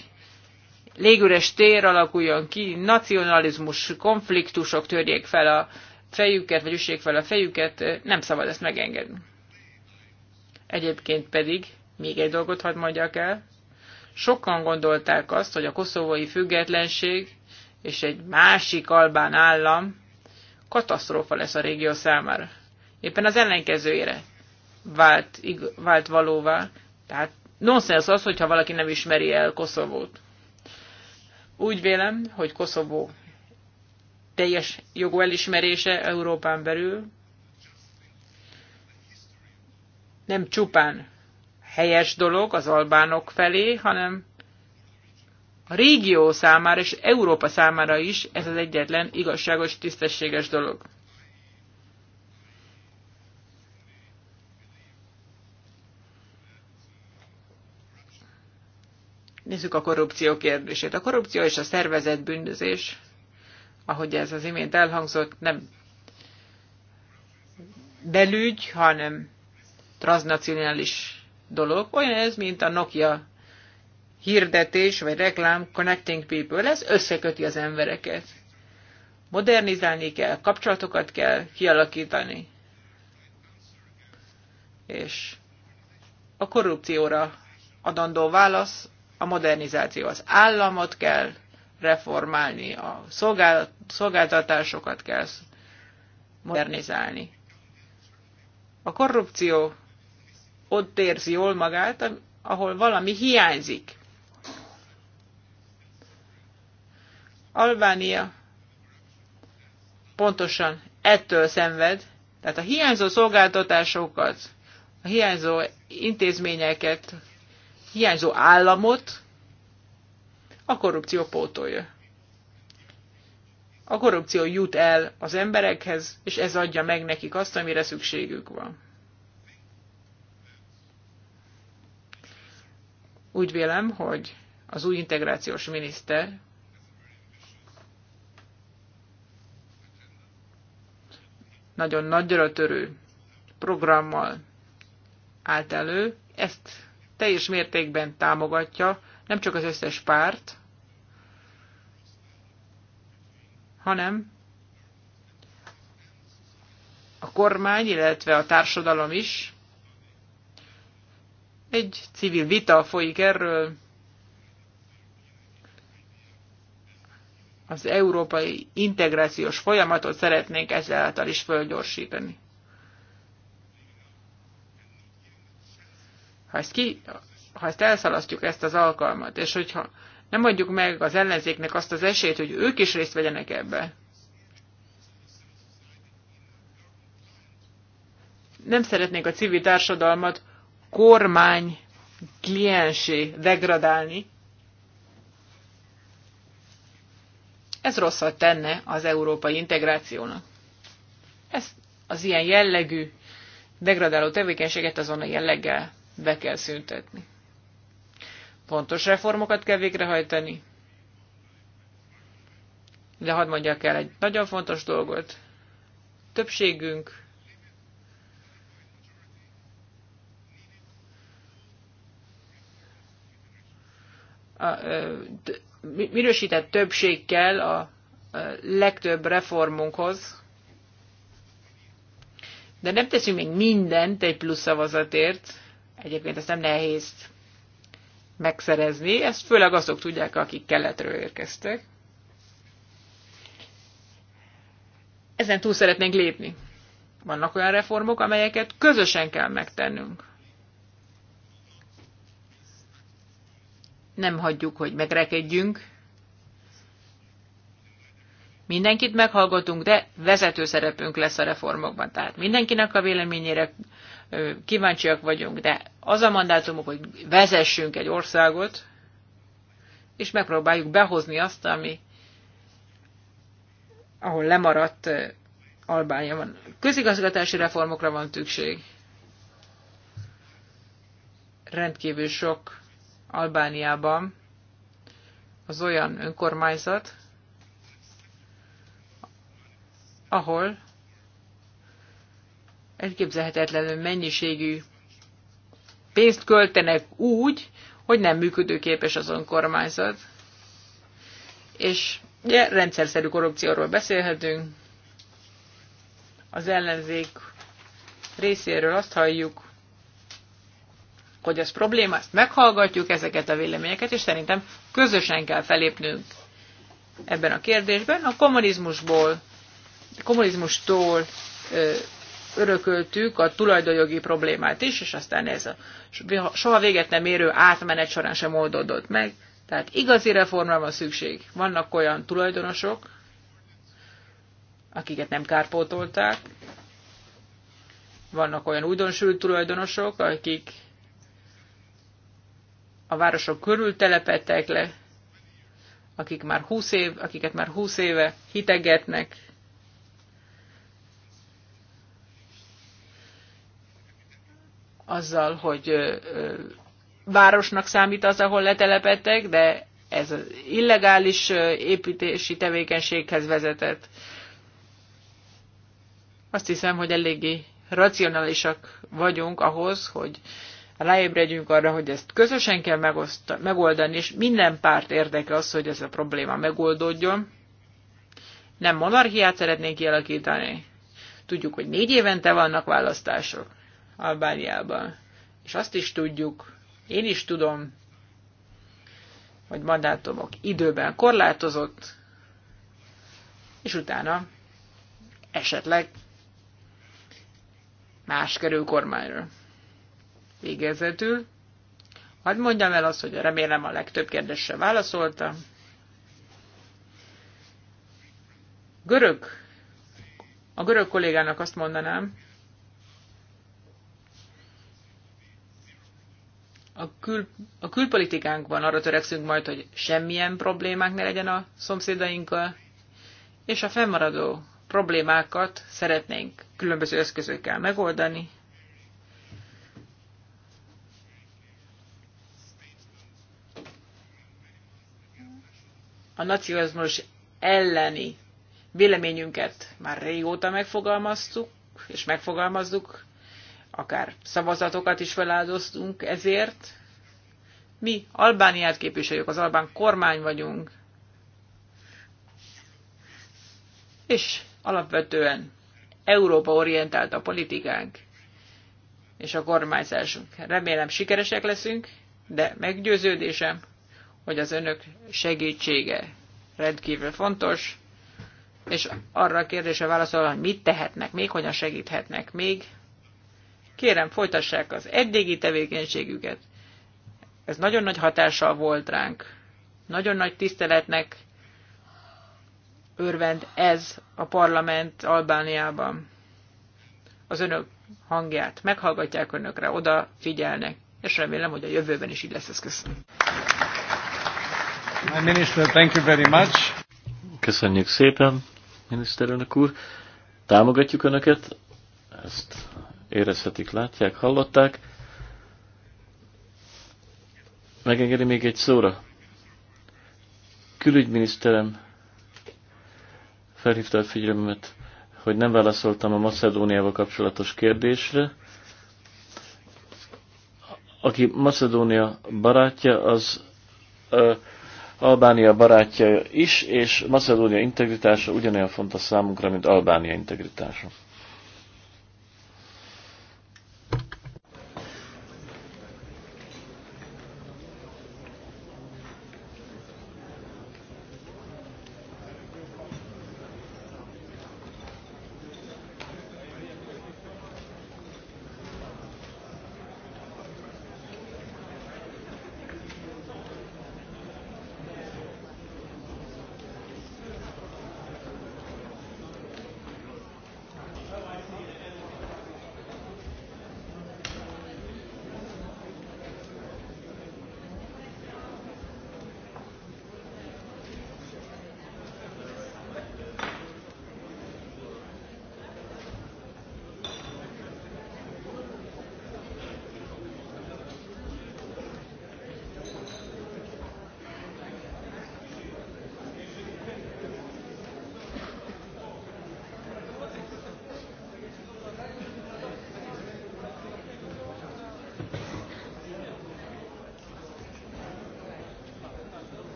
[SPEAKER 2] légüres tér alakuljon ki, nacionalizmus, konfliktusok törjék fel a fejüket, vagy üssék fel a fejüket, nem szabad ezt megengedni. Egyébként pedig, még egy dolgot hadd mondjak el, sokan gondolták azt, hogy a koszovói függetlenség és egy másik albán állam katasztrófa lesz a régió számára. Éppen az ellenkezőjére vált, ig, vált valóvá. Tehát nonsens az, hogyha valaki nem ismeri el Koszovót. Úgy vélem, hogy Koszovó teljes jogú elismerése Európán belül nem csupán helyes dolog az albánok felé, hanem a régió számára és Európa számára is ez az egyetlen igazságos, tisztességes dolog. Nézzük a korrupció kérdését. A korrupció és a szervezett bűnözés ahogy ez az imént elhangzott, nem belügy, hanem transnacionális dolog. Olyan ez, mint a Nokia hirdetés vagy reklám Connecting People. Ez összeköti az embereket. Modernizálni kell, kapcsolatokat kell kialakítani. És a korrupcióra adandó válasz a modernizáció. Az államot kell reformálni, a szolgáltatásokat kell modernizálni. A korrupció ott érzi jól magát, ahol valami hiányzik. Albánia pontosan ettől szenved, tehát a hiányzó szolgáltatásokat, a hiányzó intézményeket, hiányzó államot a korrupció pótolja. A korrupció jut el az emberekhez, és ez adja meg nekik azt, amire szükségük van. Úgy vélem, hogy az új integrációs miniszter nagyon nagyra törő programmal állt elő, ezt teljes mértékben támogatja nem csak az összes párt, hanem a kormány, illetve a társadalom is. Egy civil vita folyik erről. Az európai integrációs folyamatot szeretnénk ezáltal is fölgyorsítani. Ha ezt, ki, ha ezt elszalasztjuk, ezt az alkalmat, és hogyha nem adjuk meg az ellenzéknek azt az esélyt, hogy ők is részt vegyenek ebbe. Nem szeretnék a civil társadalmat kormány kliensé degradálni. Ez rosszat tenne az európai integrációnak. Ez az ilyen jellegű degradáló tevékenységet azon a jelleggel be kell szüntetni. Fontos reformokat kell végrehajtani. De hadd mondjak el egy nagyon fontos dolgot. Többségünk a minősített többség kell a legtöbb reformunkhoz, de nem teszünk még mindent egy plusz szavazatért. Egyébként ez nem nehéz megszerezni. Ezt főleg azok tudják, akik keletről érkeztek. Ezen túl szeretnénk lépni. Vannak olyan reformok, amelyeket közösen kell megtennünk. Nem hagyjuk, hogy megrekedjünk. Mindenkit meghallgatunk, de vezető szerepünk lesz a reformokban. Tehát mindenkinek a véleményére kíváncsiak vagyunk, de az a mandátumok, hogy vezessünk egy országot, és megpróbáljuk behozni azt, ami ahol lemaradt Albánia van. Közigazgatási reformokra van szükség. Rendkívül sok Albániában az olyan önkormányzat, ahol elképzelhetetlenül mennyiségű pénzt költenek úgy, hogy nem működőképes az önkormányzat. És ugye rendszerszerű korrupcióról beszélhetünk. Az ellenzék részéről azt halljuk, hogy ez probléma, ezt meghallgatjuk, ezeket a véleményeket, és szerintem közösen kell felépnünk ebben a kérdésben. A kommunizmusból, kommunizmustól örököltük a tulajdonjogi problémát is, és aztán ez a soha véget nem érő átmenet során sem oldódott meg. Tehát igazi reformra van szükség. Vannak olyan tulajdonosok, akiket nem kárpótolták, vannak olyan újdonsült tulajdonosok, akik a városok körül telepettek le, akik már 20 év, akiket már 20 éve hitegetnek, azzal, hogy városnak számít az, ahol letelepedtek, de ez az illegális építési tevékenységhez vezetett. Azt hiszem, hogy eléggé racionálisak vagyunk ahhoz, hogy ráébredjünk arra, hogy ezt közösen kell megoldani, és minden párt érdeke az, hogy ez a probléma megoldódjon. Nem monarchiát szeretnénk kialakítani. Tudjuk, hogy négy évente vannak választások. Albániában. És azt is tudjuk, én is tudom, hogy mandátumok időben korlátozott, és utána esetleg más kerül kormányra. Végezetül, hadd mondjam el azt, hogy remélem a legtöbb kérdésre válaszoltam. Görög, a görög kollégának azt mondanám, a, kül, a külpolitikánkban arra törekszünk majd, hogy semmilyen problémák ne legyen a szomszédainkkal, és a fennmaradó problémákat szeretnénk különböző eszközökkel megoldani. A nacionalizmus elleni véleményünket már régóta megfogalmaztuk, és megfogalmazzuk akár szavazatokat is feláldoztunk ezért. Mi Albániát képviseljük, az albán kormány vagyunk, és alapvetően Európa orientált a politikánk és a kormányzásunk. Remélem sikeresek leszünk, de meggyőződésem, hogy az önök segítsége rendkívül fontos, és arra a kérdésre válaszol, hogy mit tehetnek még, hogyan segíthetnek még, Kérem, folytassák az eddigi tevékenységüket. Ez nagyon nagy hatással volt ránk. Nagyon nagy tiszteletnek örvend ez a parlament Albániában. Az önök hangját meghallgatják önökre, oda figyelnek, és remélem, hogy a jövőben is így lesz ez. Köszönöm.
[SPEAKER 1] My minister, thank you very much.
[SPEAKER 3] Köszönjük szépen, miniszterelnök úr. Támogatjuk Önöket, ezt érezhetik, látják, hallották. Megengedi még egy szóra? Külügyminiszterem felhívta a figyelmemet, hogy nem válaszoltam a Macedóniával kapcsolatos kérdésre. Aki Macedónia barátja, az uh, Albánia barátja is, és Macedónia integritása ugyanolyan fontos számunkra, mint Albánia integritása.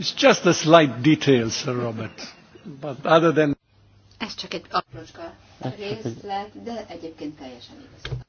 [SPEAKER 1] It's just a slight detail, Sir Robert. But other than...
[SPEAKER 4] Ez csak egy aprócska részlet, de egyébként teljesen igaz.